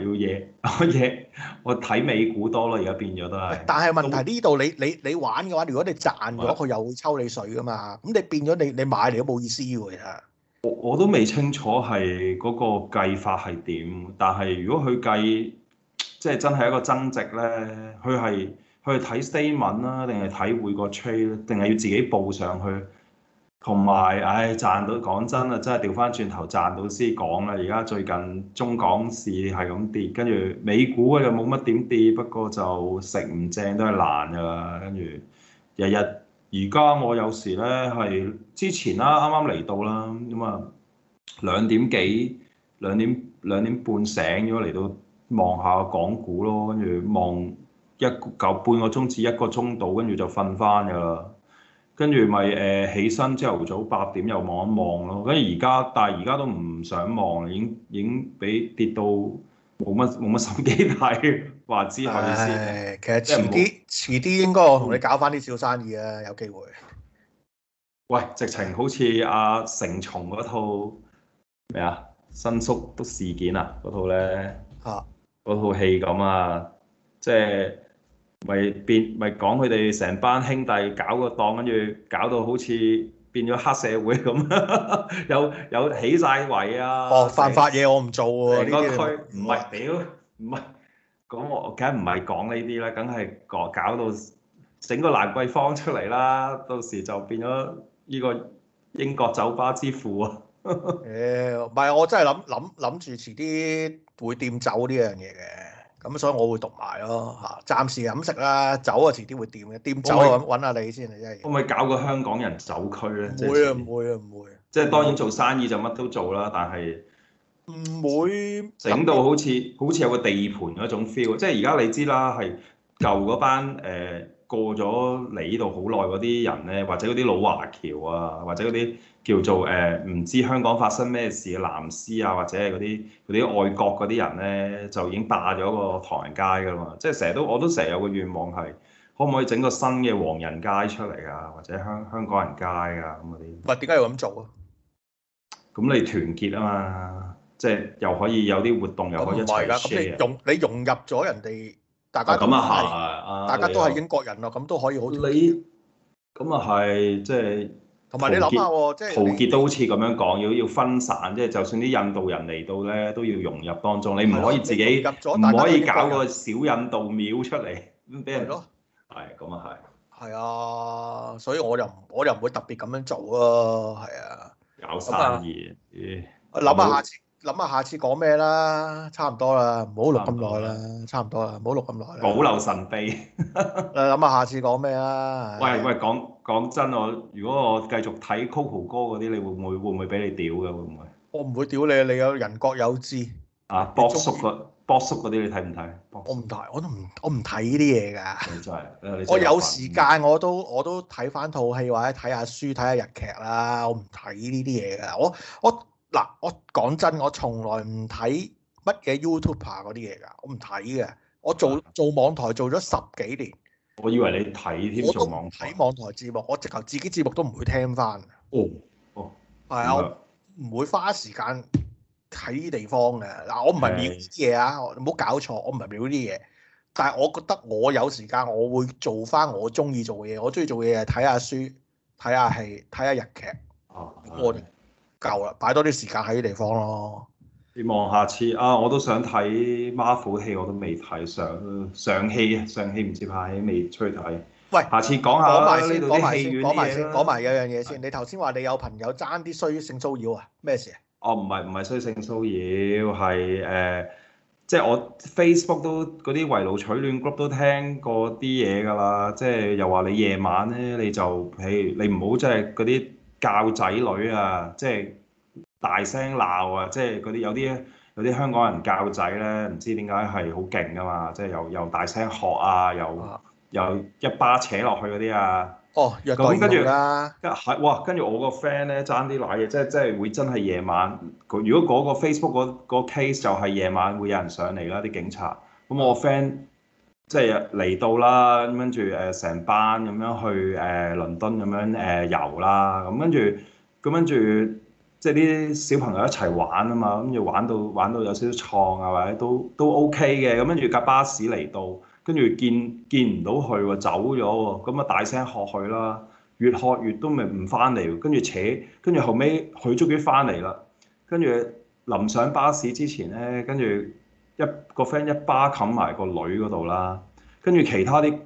要嘢，嘢？我睇美股多咯，而家變咗都係。但係問題呢度你你你玩嘅話，如果你賺咗佢麼又會抽你水㗎嘛？咁你變咗你你買嚟都冇意思㗎喎，其實。我我都未清楚係嗰個計法係點，但係如果佢計。即係真係一個增值咧，佢係去睇 statement 啦，定係睇會個 trade 咧？啊，定係要自己報上去。同埋，唉、哎，賺到講真啊，真係調翻轉頭賺到先講啦。而家最近中港市係咁跌，跟住美股啊又冇乜點跌，不過就食唔正都係難噶啦。跟住日日而家我有時咧係之前啦、啊，啱啱嚟到啦，咁啊兩點幾兩點兩點半醒咗嚟到，望下港股咯，跟住望一嚿半個鐘至一個鐘到，跟住就瞓翻噶啦。跟住咪誒起身，朝頭早八點又望一望咯。跟住而家，但係而家都唔想望，已經已經俾跌到冇乜冇乜心機睇，話知係咪先？誒，其實遲啲遲啲應該我同你搞翻啲小生意啊，有機會。喂，直情好似阿、啊、成松嗰套咩啊新宿都事件啊嗰套咧啊～嗰套戲咁啊，即係咪變咪講佢哋成班兄弟搞個檔，跟住搞到好似變咗黑社會咁， 有有起晒位啊！哦，整犯法嘢我唔做喎、啊，呢個區唔係屌，唔係咁我梗係唔係講呢啲啦，梗係搞到整個蘭桂坊出嚟啦，到時就變咗呢個英國酒吧之父啊！誒、 欸，唔係我真係諗諗諗住遲啲。會掂酒呢樣嘢嘅，咁所以我會讀埋咯嚇。暫時飲食啦，酒啊遲啲會掂嘅，掂酒揾揾下你先。可唔可以搞個香港人酒區咧？唔會啊！唔會啊！唔會，啊即。即係當然做生意就乜都做啦，但係唔會整到好似好似有個地盤嗰種 feel。即係而家你知啦，係舊嗰班誒、呃過咗嚟呢度好耐嗰啲人咧，或者嗰啲老華僑啊，或者嗰啲叫做誒、呃、唔知香港發生咩事嘅藍絲啊，或者係嗰啲嗰啲外國嗰啲人咧，就已經霸咗個唐人街噶啦嘛。即係成日都我都成日有個願望係，可唔可以整個新嘅黃人街出嚟啊？或者香香港人街啊咁嗰啲。唔係點解要咁做啊？咁、嗯、你團結啊嘛，即係又可以有啲活動、嗯、又可以一齊 share 啦，即係融你融入咗人哋。大家咁啊，係，大家都係、啊、英國人咯，咁你都可以好、啊。你咁啊，係，即係。同埋你諗下即係陶傑都好似咁樣講，要要分散，即、就、係、是、你就算啲印度人嚟到咧，都要融入當中，你唔可以自己唔可以搞個小印度廟出嚟，咁俾人。係咯的。係的，咁啊係。係、嗯、啊，所以我就我就唔會特別咁樣做咯，係啊。搞生意、啊。我諗下，下次諗下下次講咩啦，差唔多啦，唔好錄咁耐啦，差唔多啦，唔好錄咁耐啦。保留神秘。誒，諗下下次講咩啦？喂喂，講講真我，如果我繼續睇 Coco 哥嗰啲，你會唔會會唔會俾你屌嘅？會唔會？我唔會屌你，你有人各有志。啊波叔嗰波叔啲你睇唔睇？我唔睇，我都唔我唔睇呢啲嘢㗎。真係，我有時間我都我都睇翻套戲或者睇下書，睇下日劇啦，我唔睇呢啲嘢㗎，我我。嗱，我講真，我從來唔睇乜嘢 YouTuber 嗰啲嘢㗎，我唔睇嘅。我做做網台做咗十幾年，我以為你睇添做網台。睇網台節目，我直頭自己節目都唔會聽翻。哦，哦，係啊是，唔、嗯、唔會花時間睇啲地方嘅。嗱，我唔係藐啲嘢啊，你唔好搞錯，我唔係藐啲嘢。但係我覺得我有時間，我會做翻我中意做嘅嘢。我中意做嘅嘢係睇下書，睇下戲，睇下日劇。哦、啊，夠啦，擺多啲時間喺啲地方咯。希望下次啊，我都想睇 Marvel 戲，我都未睇上上戲，上戲唔知排未出去睇。喂，下次講下啦，呢啲戲院啲嘢啦。講埋有樣嘢先，你頭先話你有朋友爭啲衰性騷擾啊？咩事啊？哦，唔係唔係衰性騷擾，係誒，即、呃、係、就是、我 Facebook 都嗰啲圍爐取暖 group 都聽過啲嘢噶啦，即、就、係、是、又話你夜晚咧你就，誒，你唔好即係嗰啲。教仔女啊，即係大聲鬧啊，即係嗰啲有啲有啲香港人教仔咧，唔知點解係好勁㗎嘛，即係又又大聲學啊，又又一巴扯落去嗰啲啊。哦，虐待兒童啦！跟係哇，跟住我個 friend 咧爭啲奶嘢，即係即係會真係夜晚。如果嗰個 Facebook 嗰 case 就係夜晚會有人上嚟啦，啲警察咁我個 friend。即係嚟到啦，咁跟住誒成班咁樣去誒倫敦咁樣誒遊啦，咁跟住，咁跟住即係啲小朋友一齊玩啊嘛，跟住玩到玩到有少少創啊，或者都都 OK 嘅，咁跟住架巴士嚟到，跟住見見唔到佢喎，走咗喎，咁啊大聲喝佢啦，越喝越都咪唔翻嚟，跟住扯，跟住後尾，佢終於翻嚟啦，跟住臨上巴士之前咧，跟住。一個 friend 一巴冚埋個女嗰度啦，跟住其他啲，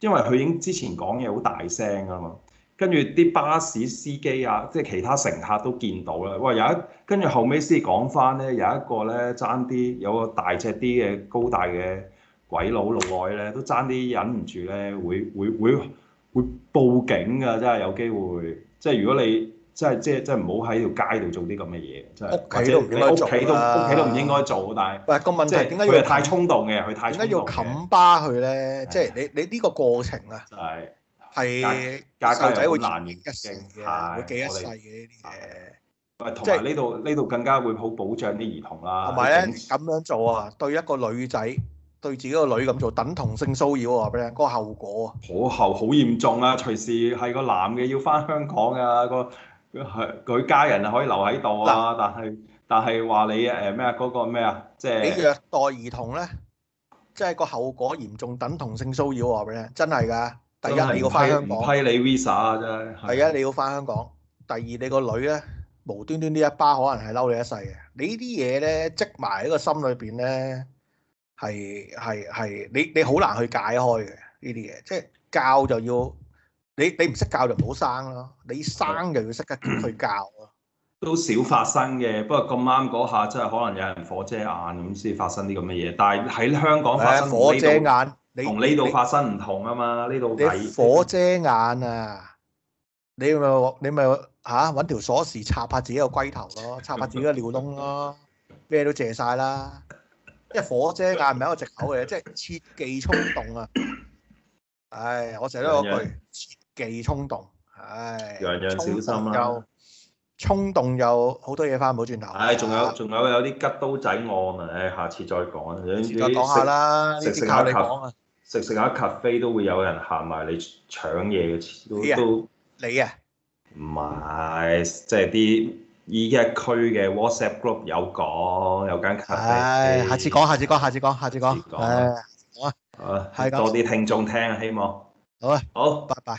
因為佢已經之前講嘢好大聲㗎嘛，跟住啲巴士司機啊，即係其他乘客都見到啦。哇，有一跟住後尾先講返咧，有一個咧爭啲，有個大隻啲嘅高大嘅鬼佬老外咧，都爭啲忍唔住咧，會會會會報警㗎，真係有機會。即係如果你。即係即係即係唔好喺條街度做啲咁嘅嘢，即係或者你屋企都屋企都唔應該做，但係個問題點解要佢係太衝動嘅，佢太衝動。點解要冚巴佢咧？即係你你呢個過程啊，係係細路仔會難以一成嘅，會記一世嘅呢啲嘢。誒，同埋呢度呢度更加會好保障啲兒童啦。同埋咧，咁樣做啊，對一個女仔對自己個女咁做，等同性騷擾啊！俾你嗰個後果啊，後好嚴重啊！隨時係個男嘅要翻香港啊個。佢係佢家人啊，可以留喺度啊，但係但係話你誒咩啊？嗰個咩啊？即係你虐待兒童咧，即係個後果嚴重，等同性騷擾，我話俾你聽，真係㗎。第一你要翻香港，唔批你 visa 啊真係。第一你要翻香港，第二你個女咧，無端端呢一巴，可能係嬲你一世嘅。你呢啲嘢咧，積埋喺個心裏邊咧，係係係你你好難去解開嘅呢啲嘢，即係教就要。你你唔識教就唔好生咯，你生就要識得去教咯。都少發生嘅，不過咁啱嗰下真係可能有人火遮眼咁先發生啲咁嘅嘢。但係喺香港發生火遮眼你同呢度發生唔同啊嘛，呢度抵火遮眼啊！你咪你咪嚇揾條鎖匙插下自己個龜頭咯，插下自己個尿窿咯，咩都借曬啦！因為火遮眼唔係一個藉口嘅，即係切忌衝動啊！唉，我成日都嗰句。忌衝動，唉，樣樣小心啦。衝動又好多嘢翻唔好轉頭。唉，仲有仲有有啲吉刀仔案，啊！唉，下次再講。再講下啦，食食下咖啡都會有人行埋你搶嘢。嘅，都你啊？唔係，即係啲依一區嘅 WhatsApp group 有講有間咖啡。唉，下次講，下次講，下次講，下次講。誒，講啊！啊，係多啲聽眾聽啊！希望。好啊，好，拜拜。